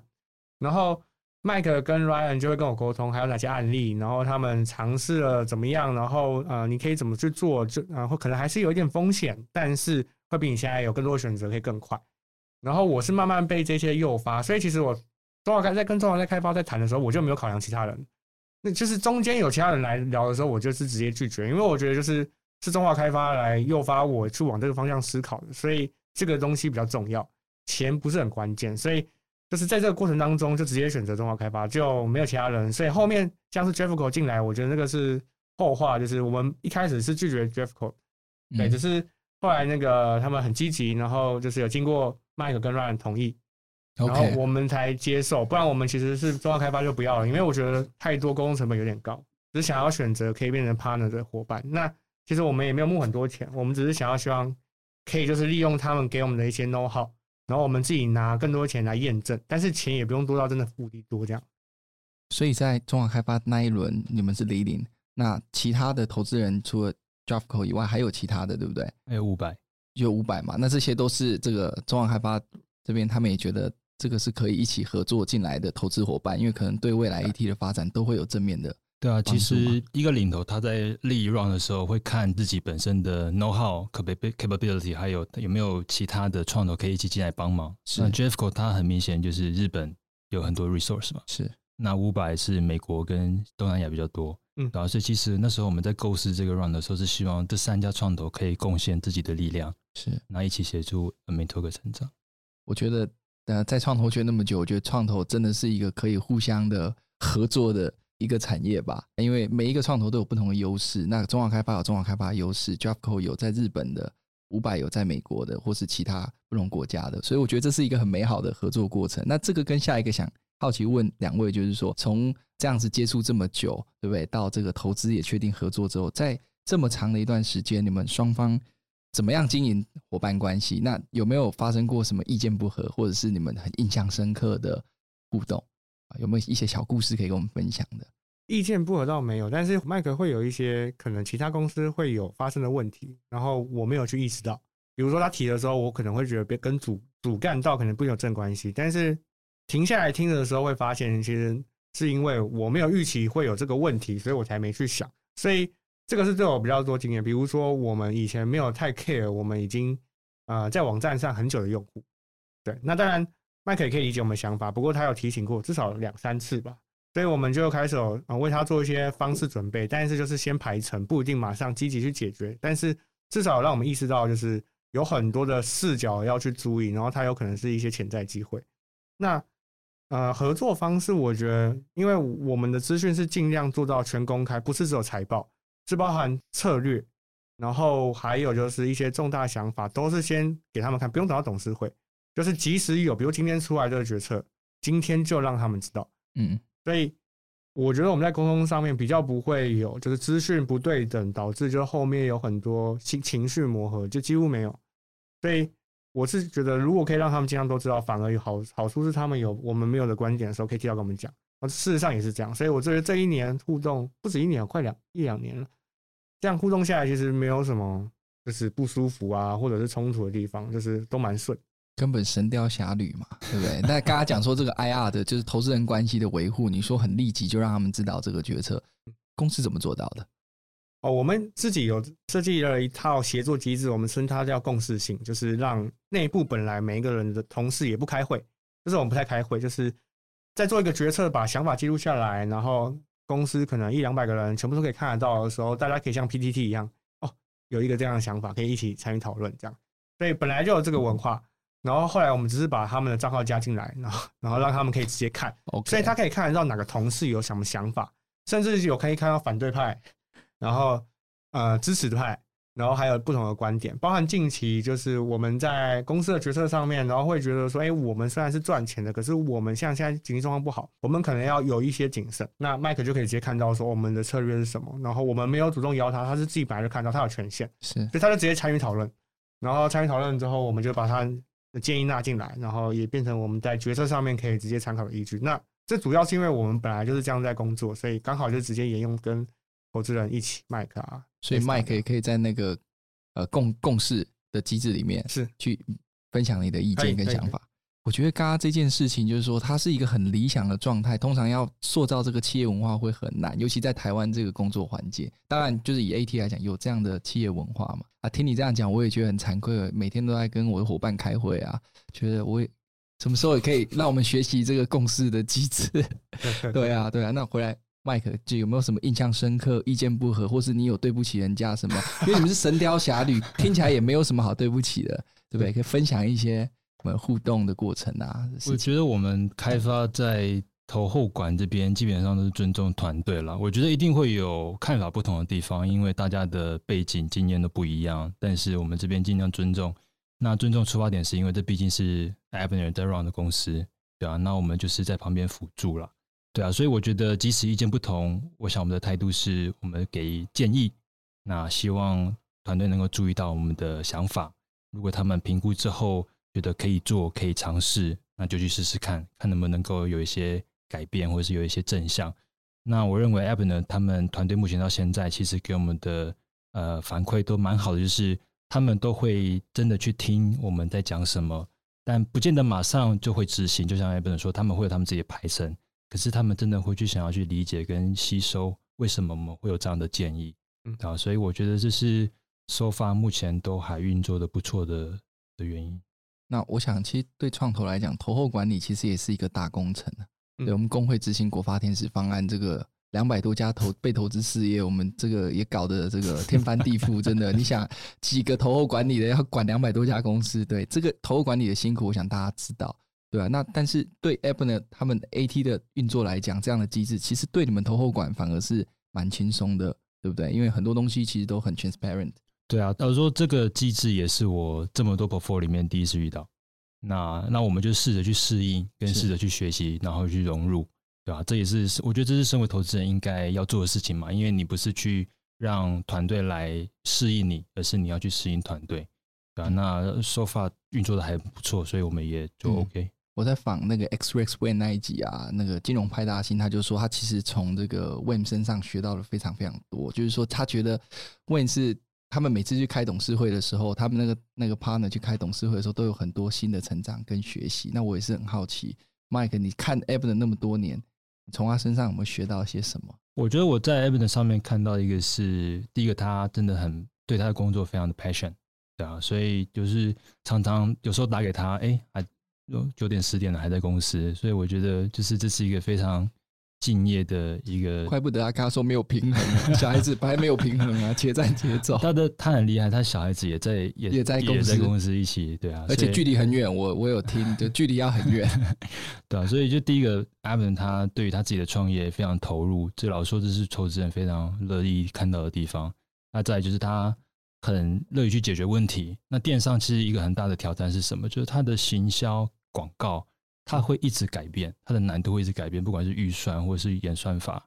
然後。Mike 跟 Ryan 就會跟我溝通，還有哪些案例，然後他們嘗試了怎麼樣，然後呃，你可以怎麼去做？就然後、呃、可能還是有一點風險，但是會比你現在有更多的選擇，可以更快。然後我是慢慢被這些誘發，所以其實我中華開在跟中華開發在談的時候，我就沒有考量其他人。那就是中間有其他人來聊的時候，我就是直接拒絕，因為我覺得就是是中華開發來誘發我去往這個方向思考的，所以這個東西比較重要，錢不是很關鍵，所以。就是在這個過程當中，就直接選擇中華開發，就沒有其他人。所以後面像是 JAFCO 進來，我覺得那個是後話。就是我們一開始是拒絕 JAFCO，、嗯、對，只是後來那個他們很積極，然後就是有經過 Mike 跟 Ryan 同意，然後我們才接受。不然我們其實是中華開發就不要了，因為我覺得太多溝通成本有點高。只是想要選擇可以變成 partner 的伙伴。那其實我們也沒有募很多錢，我們只是想要希望可以就是利用他們給我們的一些 know how。然後我們自己拿更多錢來驗證，但是錢也不用多到真的無敵多這樣。所以在中華開發那一輪，你們是 Leading，那其他的投資人除了 d r a f t k 以外，還有其他的，對不對？還有五百，有五百嘛？那這些都是這個中華開發這邊，他們也覺得這個是可以一起合作進來的投資夥伴，因為可能對未來 ET 的發展都會有正面的。嗯對啊，其實一個領頭他在立一 round 的時候，會看自己本身的 know how capability，還有有沒有其他的創投可以一起進來幫忙。是那 Jeffco 它很明顯就是日本有很多 resource 嘛，是那500是美國跟東南亞比較多。嗯，然後是其實那時候我們在構思這個 round 的時候，是希望這三家創投可以貢獻自己的力量，是那一起協助 AmazingTalker 成長。我覺得呃，在創投圈那麼久，我覺得創投真的是一個可以互相的合作的。一個產業吧，因為每一個創投都有不同的優勢。那中華開發有中華開發優勢，JAFCO 有在日本的五百，500有在美國的，或是其他不同國家的。所以我覺得這是一個很美好的合作過程。那這個跟下一個想好奇問兩位，就是說從這樣子接觸這麼久，對不對？到這個投資也確定合作之後，在這麼長的一段時間，你們雙方怎麼樣經營伙伴關係？那有沒有發生過什麼意見不合，或者是你們很印象深刻的互動？有沒有一些小故事可以跟我們分享的？意見不合倒沒有，但是麥克會有一些可能其他公司會有發生的問題，然後我沒有去意識到。比如說他提的時候，我可能會覺得別跟主主幹道可能不有正關係，但是停下來聽着的時候，會發現其實是因為我沒有預期會有這個問題，所以我才沒去想。所以這個是對我比較多經驗，比如說我們以前沒有太 care，我們已經呃在網站上很久的用戶。對，那當然。Mike 可以理解我們的想法，不過他有提醒過，至少兩三次吧，所以我們就開始為他做一些方式準備。但是就是先排程，不一定馬上積極去解決。但是至少讓我們意識到，就是有很多的視角要去注意，然後他有可能是一些潛在機會。那呃，合作方式，我覺得，因為我們的資訊是盡量做到全公開，不是只有財報，是包含策略，然後還有就是一些重大想法，都是先給他們看，不用等到董事會。就是即使有，比如今天出來這個決策，今天就讓他們知道。嗯，所以我覺得我們在溝通上面比較不會有，就是資訊不對等導致，就後面有很多情情緒磨合，就幾乎沒有。所以我是覺得，如果可以讓他們經常都知道，反而有好好處，是他們有我們沒有的觀點的時候，可以提早跟我們講。而事實上也是這樣，所以我覺得這一年互動不止一年，快兩一兩年了，這樣互動下來其實沒有什麼就是不舒服啊，或者是衝突的地方，就是都蠻順。根本神鵰俠侶嘛，對不對？那剛剛講說這個 IR 的，就是投資人關係的維護，你說很立即就讓他們知道這個決策，公司怎麼做到的？哦，我們自己有設計了一套協作機制，我們稱它叫共識性，就是讓內部本來每一個人的同事也不開會，就是我們不太開會，就是在做一個決策，把想法記錄下來，然後公司可能一兩百個人全部都可以看得到的時候，大家可以像 PTT 一樣哦，有一個這樣的想法，可以一起參與討論，這樣，所以本來就有這個文化。嗯然後後來我們只是把他們的賬號加進來，然後然後讓他們可以直接看，所以他可以看得到哪個同事有什麼想法，甚至是有可以看到反對派，然後呃支持派，然後還有不同的觀點，包含近期就是我們在公司的決策上面，然後會覺得說，哎，我們雖然是賺錢的，可是我們像現在經濟狀況不好，我們可能要有一些謹慎。那 Mike 就可以直接看到說我們的策略是什麼，然後我們沒有主動邀他，他是自己本來就看到他有權限，是，所以他就直接參與討論，然後參與討論之後，我們就把他，建議納進來，然後也變成我們在決策上面可以直接參考的依據。那這主要是因為我們本來就是這樣在工作，所以剛好就直接沿用跟投資人一起 Mike。啊，所以 Mike 也可以在那個呃共共事的機制裡面是去分享你的意見跟想法。我覺得剛剛這件事情就是說，它是一個很理想的狀態。通常要塑造這個企業文化會很難，尤其在台灣這個工作環境。當然，就是以 AT 來講，有這樣的企業文化嘛？啊，聽你這樣講，我也覺得很慚愧。每天都在跟我的夥伴開會啊，覺得我也什麼時候也可以讓我們學習這個共識的機制。 [laughs] 對啊，對啊。那回來，Mike 就有沒有什麼印象深刻？意見不合，或是你有對不起人家什麼？因為你們是神鵰俠侶， [laughs] 聽起來也沒有什麼好對不起的，對不對？可以分享一些。我們互動的過程啊，我覺得我們開發在投後管這邊基本上都是尊重團隊了。我覺得一定會有看法不同的地方，因為大家的背景經驗都不一樣。但是我們這邊儘量、嗯、尊重。那、嗯、尊重出發點是因為這畢竟是 Abner 他們 run 的公司，對啊。那我們就是在旁邊輔助了，對啊。所以我覺得即使意見不同，我想我們的態度是我們給建議。那希望團隊能夠注意到我們的想法。如果他們評估之後。覺得可以做，可以嘗試，那就去試試看，看能不能夠有一些改變，或者是有一些正向。那我認為 Abner，他們團隊目前到現在，其實給我們的呃反饋都蠻好的，就是他們都會真的去聽我們在講什麼，但不見得馬上就會執行。就像 Abner 說，他們會有他們自己的排程，可是他們真的會去想要去理解跟吸收為什麼我們會有這樣的建議。嗯，啊，所以我覺得這是 so far 目前都還運作的不錯的的原因。那我想，其實對創投來講，投後管理其實也是一個大工程。嗯、對，我們公會執行國發天使方案，這個兩百多家投被投資事業，我們這個也搞得這個天翻地覆， [laughs] 真的。你想，幾個投後管理的要管兩百多家公司，對，這個投後管理的辛苦，我想大家知道，對吧、啊？那但是對 Abner 呢，他們 AT 的運作來講，這樣的機制其實對你們投後管反而是蠻輕鬆的，對不對？因為很多東西其實都很 transparent。對啊，到時候這個機制也是我這麼多 perform 裡面第一次遇到。那那我們就試着去適應，跟試着去學習，然後去融入，對吧、啊？這也是我覺得這是身為投資人應該要做的事情嘛。因為你不是去讓團隊來適應你，而是你要去適應團隊，對啊，那 so far 運作的還不錯，所以我們也就 OK、嗯。我在訪那個 XREX Wayne 那一集啊，那個金融派大星他就說他其實從這個 Wayne 身上學到了非常非常多，就是說他覺得 Wayne 是。他們每次去開董事會的時候，他們那個那個 partner 去開董事會的時候，都有很多新的成長跟學習。那我也是很好奇，Mike，你看 Abner 那麼多年，從他身上有沒有學到一些什麼？我覺得我在 Abner 上面看到一個是，第一個他真的很對他的工作非常的 passion，對啊，所以就是常常有時候打給他，哎、欸，還有九點十點了，還在公司，所以我覺得就是這是一個非常，敬業的一個，怪不得阿、啊、卡說沒有平衡，小孩子還沒有平衡啊，且 [laughs] 戰且走。他的他很厲害，他小孩子也在，也,也在公司在公司一起，對啊，而且距離很遠。我我有聽，就距離要很遠， [laughs] 對啊，所以就第一個，Abner 他對於他自己的創業非常投入，就老實說這是投資人非常樂意看到的地方。那再來就是他很樂意去解決問題。那電商其實一個很大的挑戰是什麼？就是他的行銷廣告。它會一直改變，它的難度會一直改變，不管是預算或是演算法。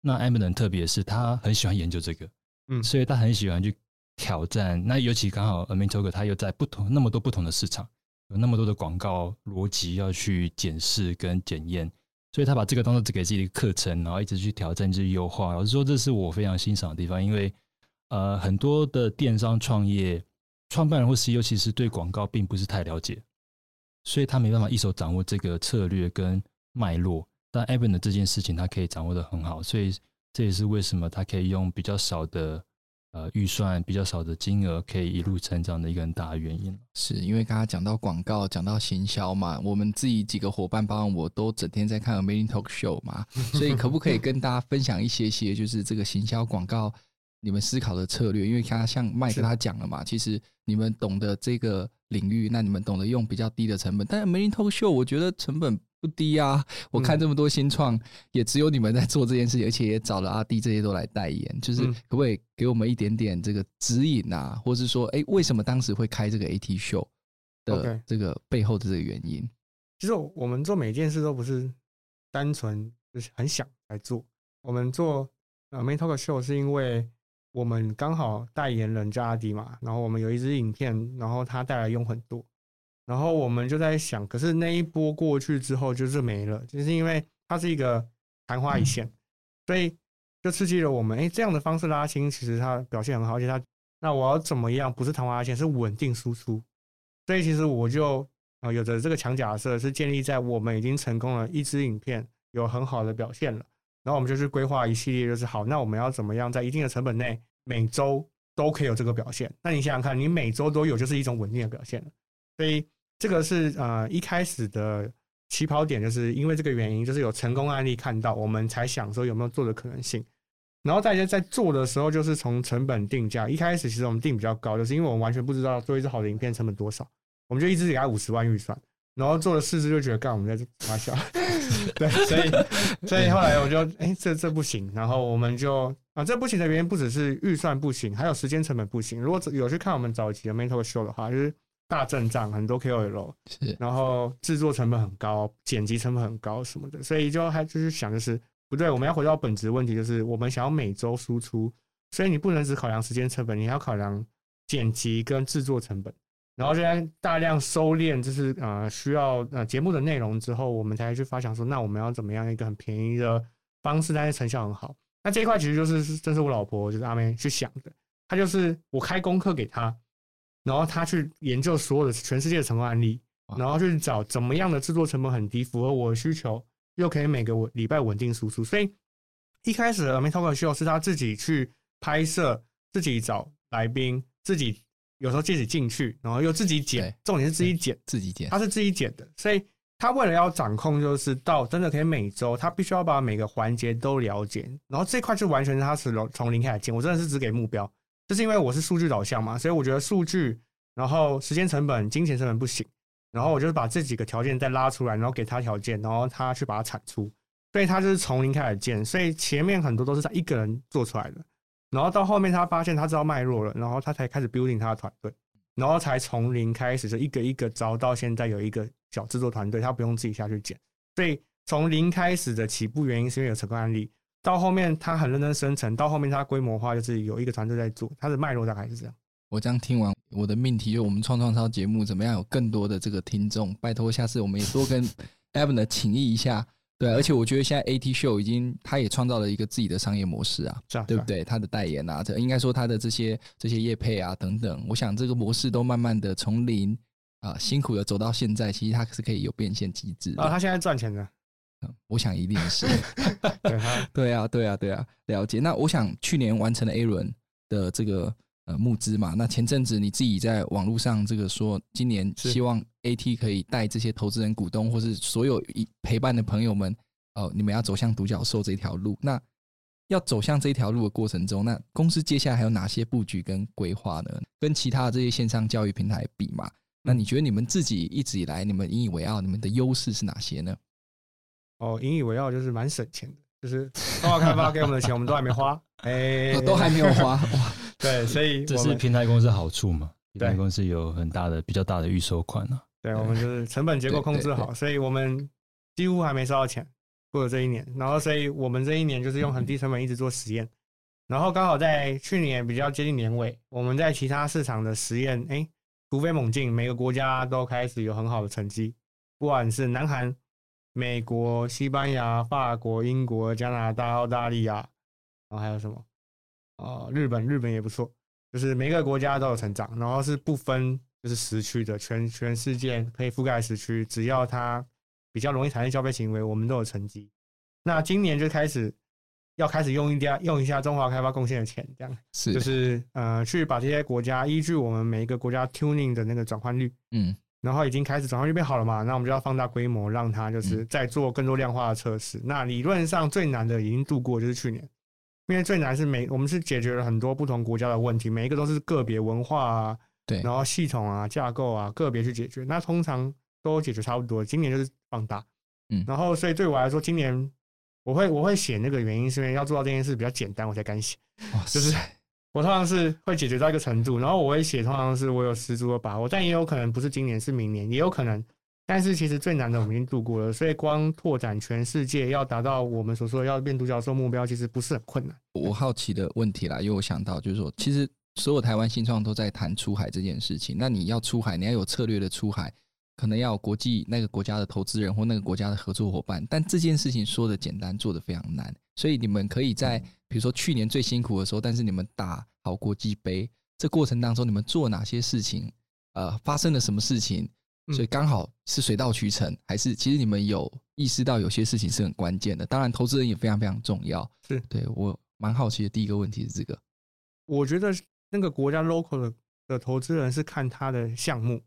那 Abner 特別是他很喜歡研究這個，嗯，所以他很喜歡去挑戰。嗯、那尤其剛好 AmazingTalker 他又在不同那麼多不同的市場，有那麼多的廣告邏輯要去檢視跟檢驗，所以他把這個當做只給自己一個課程，然後一直去挑戰，一直優化。我是說，這是我非常欣賞的地方，因為呃，很多的電商創業創辦人或 CEO 其實對廣告並不是太了解。所以他沒辦法一手掌握這個策略跟脈絡，但 Abner 的這件事情他可以掌握得很好，所以這也是為什麼他可以用比較少的呃預算、比較少的金額，可以一路成長的一個很大的原因了。是因為剛剛講到廣告、講到行銷嘛，我們自己幾個夥伴包括我都整天在看 AmazingTalker Show 嘛，所以可不可以跟大家分享一些些，就是這個行銷廣告？你們思考的策略，因為他像 Mike 他講了嘛，其實你們懂得這個領域，那你們懂得用比較低的成本，但 AmazingTalker Show 我覺得成本不低啊。我看這麼多新創、嗯，也只有你們在做這件事，而且也找了阿滴這些都來代言，就是可不可以給我們一點點這個指引啊？嗯、或是說，哎、欸，為什麼當時會開這個 AT Show 的這個背後的這個原因？Okay, 其實我們做每件事都不是單純就是很想來做，我們做呃 AmazingTalker Show 是因為。我們剛好代言人叫阿迪嘛，然後我們有一支影片，然後他帶來用很多，然後我們就在想，可是那一波過去之後就是沒了，就是因為它是一個曇花一現、嗯，所以就刺激了我們。哎，這樣的方式拉新，其實它表現很好，而且它那我要怎麼樣？不是曇花一現，是穩定輸出。所以其實我就啊、呃，有着這個強假設，是建立在我們已經成功了一支影片有很好的表現了。然後我們就去規劃一系列，就是好，那我們要怎麼樣在一定的成本內，每周都可以有這個表現？那你想想看，你每周都有，就是一種穩定的表現。所以這個是呃一開始的起跑點，就是因為這個原因，就是有成功案例看到，我們才想說有沒有做的可能性。然後大家在做的時候，就是從成本定價，一開始其實我們定比較高，就是因為我們完全不知道做一支好的影片成本多少，我們就一支給他五十萬預算，然後做了四支就覺得，幹，我們在這發笑。 [laughs] 對，所以，所以後來我就，哎、欸，這這不行。然後我們就，啊，這不行的原因不只是預算不行，還有時間成本不行。如果有去看我們早期的 Mental Show 的話，就是大陣仗，很多 KOL，是，然後製作成本很高，剪輯成本很高什麼的。所以就還就是想，就是不對，我們要回到本質問題，就是我們想要每周輸出，所以你不能只考量時間成本，你還要考量剪輯跟製作成本。然後現在大量收練，就是呃需要呃節目的內容之後，我們才去發想說，那我們要怎麼樣一個很便宜的方式，但是成效很好。那這一塊其實就是真是我老婆就是阿梅去想的，她就是我開功課給她，然後她去研究所有的全世界的成功案例，然後去找怎麼樣的制作成本很低，符合我的需求，又可以每個我禮拜穩定輸出。所以一開始阿梅 talk s 是她自己去拍攝，自己找來賓，自己。有時候自己進去，然後又自己剪，重點是自己剪，自己剪，他是自己剪的，所以他為了要掌控，就是到真的可以每周，他必須要把每個環節都了解，然後這塊就完全是他是從零開始建。我真的是只給目標，就是因為我是數據導向嘛，所以我覺得數據，然後時間成本、金錢成本不行，然後我就是把這幾個條件再拉出來，然後給他條件，然後他去把它產出，所以他就是從零開始建，所以前面很多都是他一個人做出來的。然後到後面，他發現他知道脈絡了，然後他才開始 building 他的團隊，然後才從零開始，就一個一個招，到現在有一個小制作團隊，他不用自己下去剪。所以從零開始的起步原因是因為有成功案例。到後面他很認真生成，到後面他規模化就是有一個團隊在做，他的脈絡大概是這樣。我這樣聽完我的命題，就我們創創燒節目怎麼樣有更多的這個聽眾？拜託下次我們也多跟 Evan 請益一下。對，而且我覺得現在 AT Show 已經，他也創造了一個自己的商業模式啊，啊對不對？他的代言啊，這應該說他的這些這些業配啊等等，我想這個模式都慢慢的從零啊、呃、辛苦的走到現在，其實他是可以有變現機制的啊。他現在賺錢呢？嗯，我想一定是。 [laughs] [laughs] [laughs] 對啊，對啊，對啊，了解。那我想去年完成了 A 輪的這個。呃，募資嘛，那前陣子你自己在網絡上這個說，今年希望 AT 可以帶這些投資人、股東或是所有一陪伴的朋友們，哦、呃，你們要走向獨角獸這條路。那要走向這條路的過程中，那公司接下來還有哪些布局跟規劃呢？跟其他這些線上教育平台比嘛？那你覺得你們自己一直以來你們引以為傲、你們的優勢是哪些呢？哦，引以為傲就是蠻省錢的，就是剛好開發給我們的錢， [laughs] 我們都還沒花，哎、欸哦，都還沒有花哇。 [laughs] 對，所以我們這是平台公司好處嘛，平台公司有很大的、比較大的預收款啊，對。對，我們就是成本結構控制好，所以我們幾乎還沒收到錢過了這一年。然後，所以我們這一年就是用很低成本一直做實驗。然後剛好在去年比較接近年尾，我們在其他市場的實驗哎突飛猛進，每個國家都開始有很好的成績，不管是南韓、美國、西班牙、法國、英國、加拿大、澳大利亞，然後還有什麼？啊，日本日本也不錯，就是每個國家都有成長，然後是不分就是時區的，全全世界可以覆蓋時區，只要它比較容易產生消費行為，我們都有成績。那今年就開始要開始用一點用一下中華開發貢獻的錢，這樣是就是呃去把這些國家依據我們每一個國家 tuning 的那個轉換率，嗯，然後已經開始轉換率變好了嘛，那我們就要放大規模，讓它就是再做更多量化的測試。嗯，那理論上最難的已經度過，就是去年。因為最難是每我們是解決了很多不同國家的問題，每一個都是個別文化啊，對，然後系統啊、架構啊，個別去解決。那通常都解決差不多，今年就是放大，嗯，然後所以對我來說，今年我會我會寫那個原因，是因為要做到這件事比較簡單，我才敢寫。哇，就是我通常是會解決到一個程度，然後我會寫，通常是我有十足的把握，但也有可能不是今年，是明年，也有可能。但是其實最難的我們已經度過了，所以光拓展全世界要達到我們所說的要變獨角獸目標，其實不是很困難。我好奇的問題啦，因為我想到就是說，其實所有台灣新創都在談出海這件事情。那你要出海，你要有策略的出海，可能要有國際那個國家的投資人或那個國家的合作夥伴。但這件事情說的簡單，做的非常難。所以你們可以在比、嗯、如說去年最辛苦的時候，但是你們打好國際杯這過程當中，你們做哪些事情？呃，發生了什麼事情？所以剛好是水到渠成，還是其實你們有意識到有些事情是很關鍵的？當然，投資人也非常非常重要。是，對，我蠻好奇的第一個問題是這個，我覺得那個國家 local 的的投資人是看他的項目，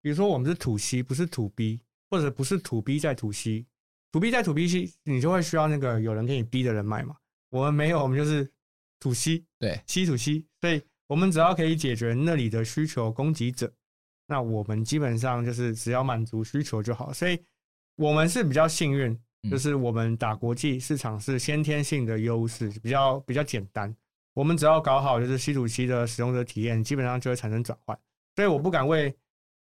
比如說我們是土 C，不是土 B，或者不是土 B 在土 C。土 B 在土 B C，你就會需要那個有人給你 B 的人脈嘛。我們沒有，我們就是土 C 對，C 土 C，所以我們只要可以解決那裡的需求供給者。那我們基本上就是只要滿足需求就好，所以我們是比較幸運，就是我們打國際市場是先天性的優勢，比較比較簡單。我們只要搞好就是 C to C 的使用者體驗，基本上就會產生轉換。所以我不敢為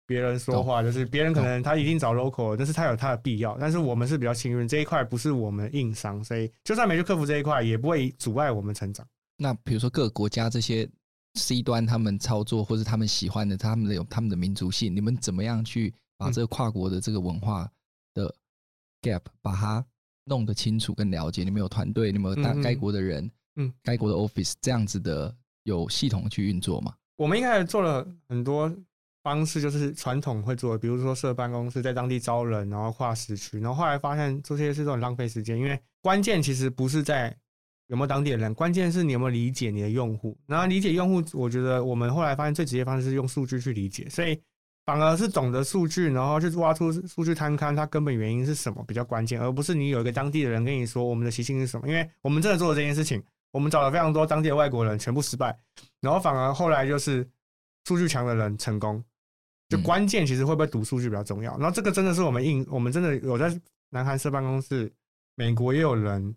別人說話，就是別人可能他一定找 local 了，但是他有他的必要。但是我們是比較幸運，這一塊不是我們硬傷，所以就算沒去克服這一塊，也不會阻礙我們成長。那比如說各個國家這些。C 端他們操作，或是他們喜歡的他們的，有他們的民族性，你們怎麼樣去把這個跨國的這個文化的 gap、嗯、把它弄得清楚跟了解？你們有團隊，你們有大該、嗯嗯、國的人，嗯，該國的 office 這樣子的有系統去運作嗎？我們一開始做了很多方式，就是傳統會做的，比如說設辦公室在當地招人，然後跨時區，然後後來發現這些事都很浪費時間，因為關鍵其實不是在。有沒有當地的人？關鍵是你有沒有理解你的用戶。然後理解用戶，我覺得我們後來發現最直接的方式是用數據去理解。所以反而是懂得數據，然後去挖出數據攤開它，根本原因是什麼比較關鍵，而不是你有一個當地的人跟你說我們的習性是什麼。因為我們真的做了這件事情，我們找了非常多當地的外國人，全部失敗。然後反而後來就是數據強的人成功。就關鍵其實會不會讀數據比較重要。然後這個真的是我們印，我們真的有在南韓設辦公室，美國也有人。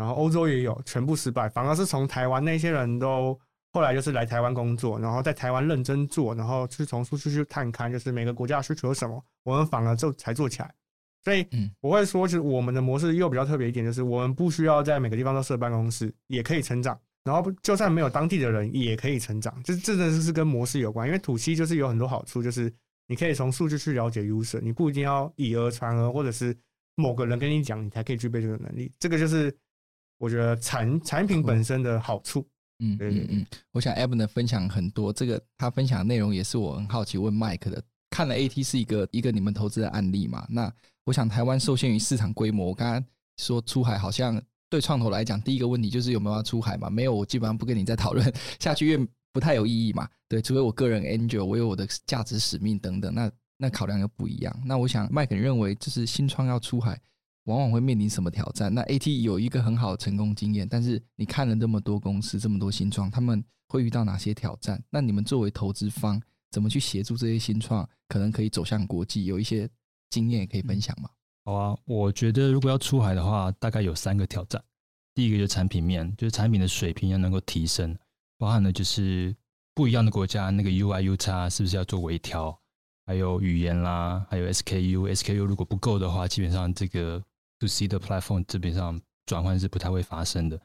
然後歐洲也有全部失敗，反而是從台灣那些人都後來就是來台灣工作，然後在台灣認真做，然後去從數據去探勘，就是每個國家需求有什麼，我們反而做才做起來。所以我會說，是我們的模式又比較特別一點，就是我們不需要在每個地方都設辦公室，也可以成長。然後就算沒有當地的人，也可以成長。就這真的是跟模式有關，因為土系就是有很多好處，就是你可以從數據去了解 user，你不一定要以訛傳訛，或者是某個人跟你講，你才可以具備這個能力。這個就是。我覺得產產品本身的好處。對對對。嗯，嗯嗯嗯，我想 Abner 的分享很多，這個他分享的內容也是我很好奇問 Mike 的。看了 AT 是一個一個你們投資的案例嘛？那我想台灣受限於市場規模，我剛剛說出海好像對創投來講，第一個問題就是有沒有要出海嘛？沒有，我基本上不跟你再討論下去，因為不太有意義嘛。對，除非我個人 Angel，我有我的價值使命等等，那那考量又不一樣。那我想 Mike 認為就是新創要出海。往往會面臨什麼挑戰？那 AT 有一個很好的成功經驗，但是你看了這麼多公司，這麼多新創，他們會遇到哪些挑戰？那你們作為投資方，怎麼去協助這些新創可能可以走向國際？有一些經驗可以分享嗎？好啊，我覺得如果要出海的話，大概有三個挑戰。第一個就是產品面，就是產品的水平要能夠提升，包含的就是不一樣的國家那個 UI U 差是不是要做微調，還有語言啦，還有 SKU SKU 如果不夠的話，基本上這個。B to C 的 platform 基本上轉換是不太會發生的，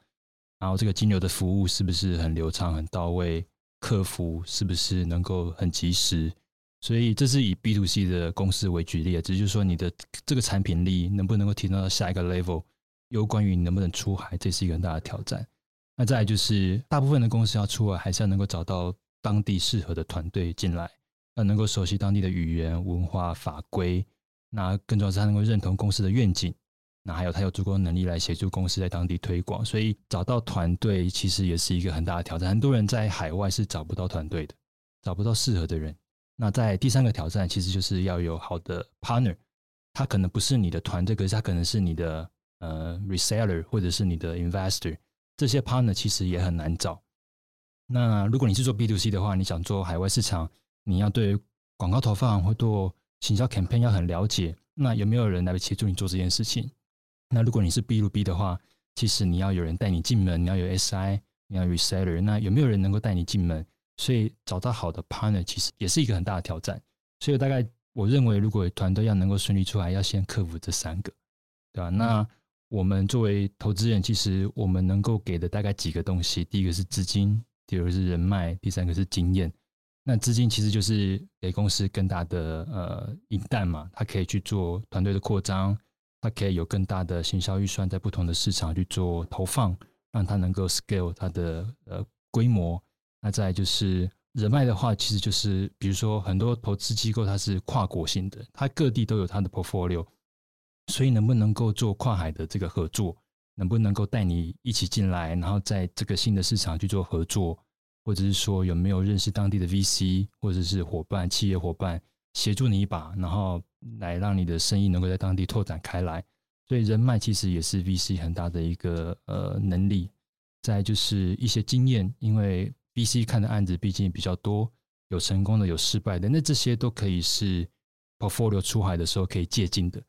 然後這個金流的服務是不是很流暢、很到位？客服是不是能夠很及時？所以這是以 B to C 的公司為舉例，只是說你的這個產品力能不能夠提升到下一個 level？有關於你能不能出海，這是一個很大的挑戰。那再來就是，大部分的公司要出海，還是要能夠找到當地適合的團隊進來，要能夠熟悉當地的語言、文化、法規。那更重要是，他能夠認同公司的願景。那還有，他有足夠的能力來協助公司在當地推廣，所以找到團隊其實也是一個很大的挑戰。很多人在海外是找不到團隊的，找不到適合的人。那在第三個挑戰，其實就是要有好的 partner，他可能不是你的團隊，可是他可能是你的呃 reseller 或者是你的 investor。這些 partner 其實也很難找。那如果你是做 B to C 的話，你想做海外市場，你要對廣告投放或做行銷 campaign 要很了解。那有沒有人來協助你做這件事情？那如果你是 B to B 的話，其實你要有人帶你進門，你要有 SI，你要有 reseller，那有沒有人能夠帶你進門？所以找到好的 partner 其實也是一個很大的挑戰。所以大概我認為，如果團隊要能夠順利出來，要先克服這三個，對吧？那我們作為投資人，其實我們能夠給的大概幾個東西：第一個是資金，第二個是人脈，第三個是經驗。那資金其實就是給公司更大的呃銀彈嘛，它可以去做團隊的擴張。它可以有更大的行銷預算，在不同的市場去做投放，讓它能夠 scale 它的呃規模。那再就是人脈的話，其實就是比如說很多投資機構它是跨國性的，它各地都有它的 portfolio，所以能不能夠做跨海的這個合作？能不能夠帶你一起進來，然後在這個新的市場去做合作？或者是說有沒有認識當地的 VC 或者是夥伴，企業夥伴？協助你一把，然後來讓你的生意能夠在當地拓展開來。所以人脈其實也是 VC 很大的一個呃能力。再就是一些經驗，因為 VC 看的案子畢竟比較多，有成功的有失敗的，那這些都可以是 Portfolio 出海的時候可以借鑑的。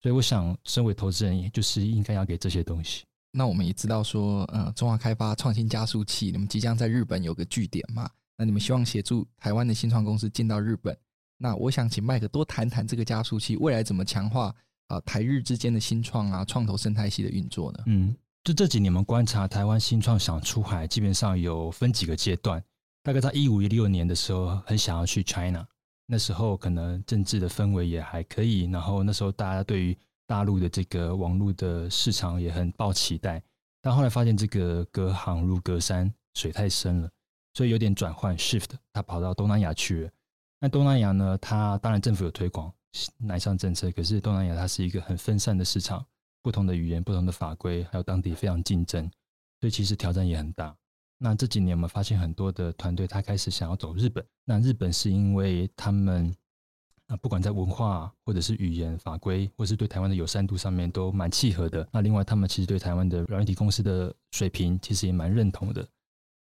所以我想，身為投資人，就是應該要給這些東西。那我們也知道說，嗯、呃、中華開發創新加速器，你們即將在日本有個據點嘛？那你們希望協助台灣的新創公司進到日本。那我想請 Mike 多談談這個加速器未來怎麼強化啊台日之間的新創啊創投生態系的運作呢？嗯，就這幾年，我們觀察台灣新創想出海，基本上有分幾個階段。大概在一五一六年的時候，很想要去 China，那時候可能政治的氛圍也還可以，然後那時候大家對於大陸的這個網絡的市場也很抱期待，但後來發現這個隔行如隔山，水太深了，所以有點轉換 shift，他跑到東南亞去了。那東南亞呢？它當然政府有推廣南向政策，可是東南亞它是一個很分散的市場，不同的語言、不同的法規，還有當地非常競爭，所以其實挑戰也很大。那這幾年我們發現很多的團隊，他開始想要走日本。那日本是因為他們啊，不管在文化或者是語言、法規，或是對台灣的友善度上面都蠻契合的。那另外，他們其實對台灣的軟體公司的水平，其實也蠻認同的。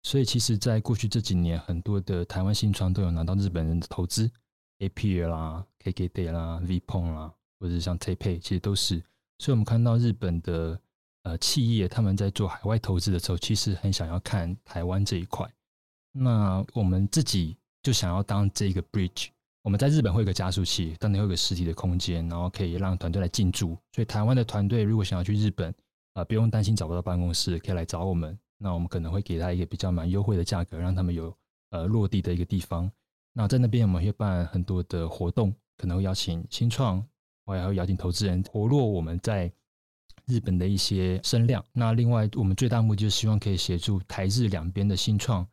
所以，其實，在過去這幾年，很多的台灣新創都有拿到日本人的投資 Appier 啦、KKday 啦、Vpon 啦，或者是像 TapPay，其實都是。所以我們看到日本的呃企業他們在做海外投資的時候，其實很想要看台灣這一塊。那我們自己就想要當這個 bridge，我們在日本會有個加速器，當然會有個實體的空間，然後可以讓團隊來進駐。所以，台灣的團隊如果想要去日本啊、呃，不用擔心找不到辦公室，可以來找我們。那我們可能會給他一個比較蠻優惠的價格，讓他們有呃落地的一個地方。那在那邊我們會辦很多的活動，可能會邀請新創，我也會邀請投資人，活絡我們在日本的一些聲量。那另外，我們最大目的就是希望可以協助台日兩邊的新創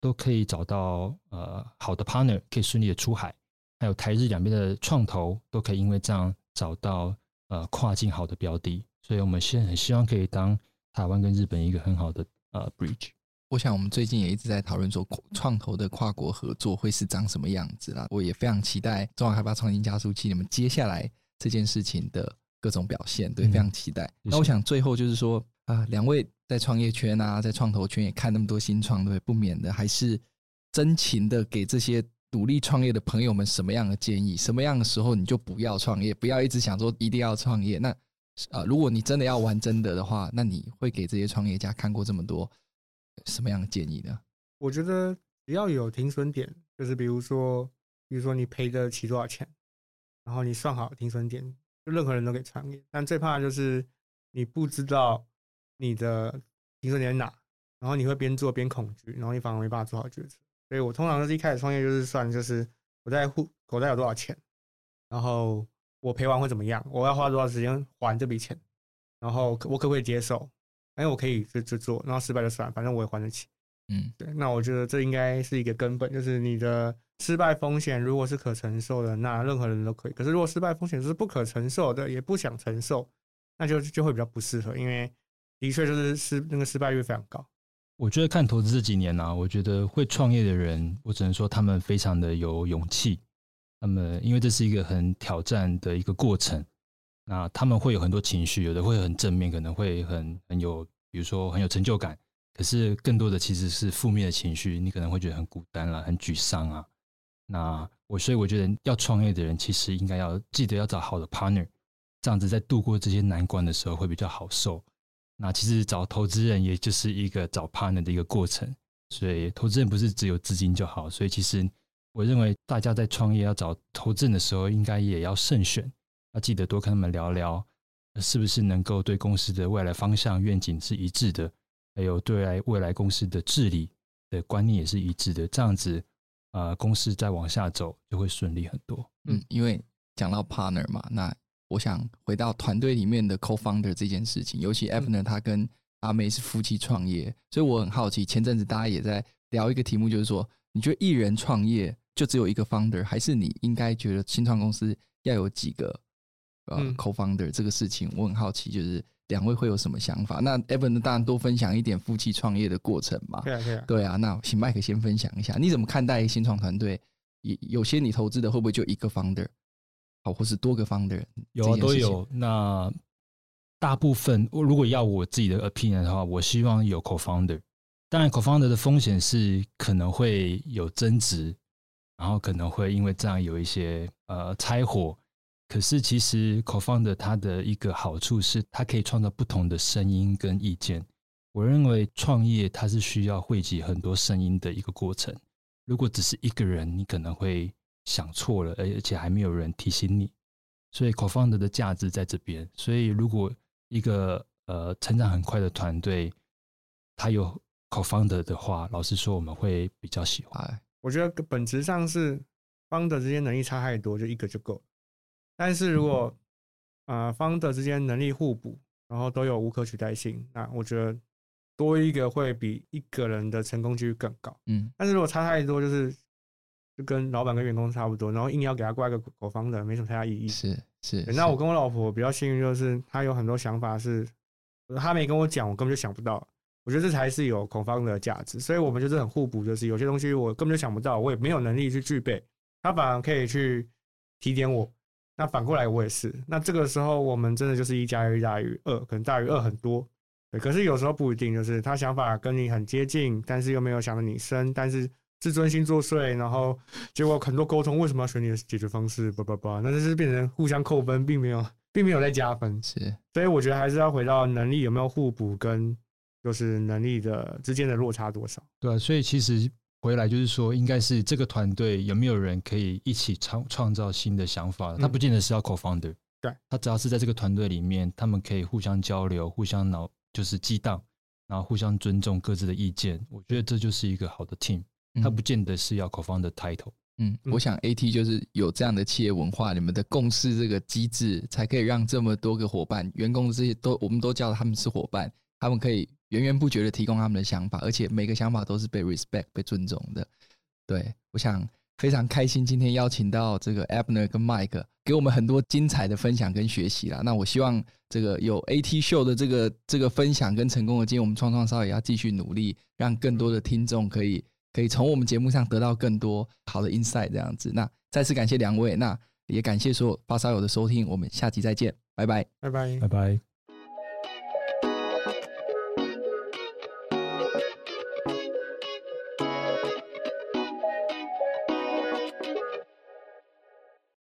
都可以找到呃好的 partner，可以順利的出海，還有台日兩邊的創投都可以因為這樣找到呃跨境好的標的。所以我們現在很希望可以當台灣跟日本一個很好的。呃 Bridge 我想我們最近也一直在討論說，創投的跨國合作會是長什麼樣子啦。我也非常期待中華開發創新加速器，你們接下來這件事情的各種表現，對，嗯、非常期待。那我想最後就是說啊，兩位在創業圈啊，在創投圈也看那麼多新創，對，不免的還是真情的給這些獨立創業的朋友們什麼樣的建議？什麼樣的時候你就不要創業？不要一直想說一定要創業？那。啊、呃，如果你真的要玩真的的話，那你會給這些創業家看過這麼多什麼樣的建議呢？我覺得只要有停損點，就是比如說，比如說你賠得起多少錢，然後你算好停損點，就任何人都可以創業。但最怕的就是你不知道你的停損點在哪，然後你會邊做邊恐懼，然後你反而沒辦法做好決策。所以我通常是一開始創業就是算，就是我在戶，口袋有多少錢，然後。我賠完會怎麼樣？我要花多少時間還這筆錢？然後我可不可以接受？哎，我可以就就做，然後失敗就算了，反正我也還得起。嗯，對。那我覺得這應該是一個根本，就是你的失敗風險如果是可承受的，那任何人都可以。可是如果失敗風險是不可承受的，也不想承受，那就就會比較不適合，因為的確就是失那個失敗率非常高。我覺得看投資這幾年呢，啊，我覺得會創業的人，我只能說他們非常的有勇氣。那麼，因為這是一個很挑戰的一個過程，那他們會有很多情緒，有的會很正面，可能會很很有，比如說很有成就感。可是更多的其實是負面的情緒，你可能會覺得很孤單啦，很沮喪啊。那我所以我覺得要創業的人，其實應該要記得要找好的 partner，這樣子在度過這些難關的時候會比較好受。那其實找投資人也就是一個找 partner 的一個過程，所以投資人不是只有資金就好，所以其實。我認為大家在創業要找投資人的時候，應該也要慎選，要記得多跟他們聊聊，是不是能夠對公司的未來方向、願景是一致的，還有對未來公司的治理的觀念也是一致的。這樣子，啊、呃，公司再往下走就會順利很多。嗯，因為講到 partner 嘛，那我想回到團隊裡面的 co-founder 這件事情，尤其 Abner 他跟阿妹是夫妻創業，所以我很好奇，前陣子大家也在聊一個題目，就是說你覺得一人創業，就只有一個 founder，還是你應該覺得新創公司要有幾個呃 co-founder、嗯、這個事情，我很好奇，就是兩位會有什麼想法、嗯？那 Abner 呢，當然多分享一點夫妻創業的過程嘛、嗯。對啊，對啊、那我請 Mike 先分享一下，你怎麼看待新創團隊？有有些你投資的會不會就一個 founder，好，或是多個 founder？有、啊、都有。那大部分，我如果要我自己的 opinion 的話，我希望有 co-founder。當然，co-founder 的風險是可能會有爭執。然後可能會因為這樣有一些呃猜火，可是其實 cofounder 他的一個好處是，它可以創造不同的聲音跟意見。我認為創業它是需要匯集很多聲音的一個過程。如果只是一個人，你可能會想錯了，而而且還沒有人提醒你，所以 cofounder 的價值在這邊。所以如果一個呃成長很快的團隊，他有 cofounder 的話，老實說我們會比較喜歡。Hi. 我覺得本質上是 Founder 之間能力差太多，就一個就夠了。但是如果啊，Founder、嗯、呃、之間能力互補，然後都有無可取代性，那我覺得多一個會比一個人的成功幾率更高。嗯，但是如果差太多，就是就跟老闆跟員工差不多，然後硬要給他掛個 co-founder，沒什麼太大意義。是是，是。那我跟我老婆比較幸運，就是她有很多想法是，她沒跟我講，我根本就想不到。我覺得這才是有恐慌的價值，所以我們就是很互補，就是有些東西我根本就想不到，我也沒有能力去具備，他反而可以去提點我。那反過來我也是，那這個時候我們真的就是一加一大於二，可能大於二很多。對，可是有時候不一定，就是他想法跟你很接近，但是又沒有想到你深，但是自尊心作祟，然後結果很多溝通為什麼要選你的解決方式？不不不，那就是變成互相扣分，並沒有，並沒有再加分。是，所以我覺得還是要回到能力有沒有互補跟。就是能力的之間的落差多少？對啊，所以其實回來就是說，應該是這個團隊有沒有人可以一起創創造新的想法？那不見得是要 co-founder，對、嗯、他只要是在這個團隊裡面，他們可以互相交流、互相腦就是激盪，然後互相尊重各自的意見。我覺得這就是一個好的 team。他不見得是要 co-founder title。嗯，嗯，嗯、我想 AT 就是有這樣的企業文化，你們的共識這個機制，才可以讓這麼多個伙伴、員工這些都，我們都叫他們是伙伴，他們可以。源源不絕地提供他們的想法，而且每個想法都是被 respect 被尊重的。對，我想非常開心今天邀請到這個 Abner 跟 Mike 給我們很多精彩的分享跟學習啦。那我希望這個有 AT Show 的這個這個分享跟成功的，的，今天我們創創燒也要繼續努力，讓更多的聽眾可以可以從我們節目上得到更多好的 insight 這樣子。那再次感謝兩位，那也感謝所有發燒友的收聽，我們下期再見，拜拜，拜拜，拜拜。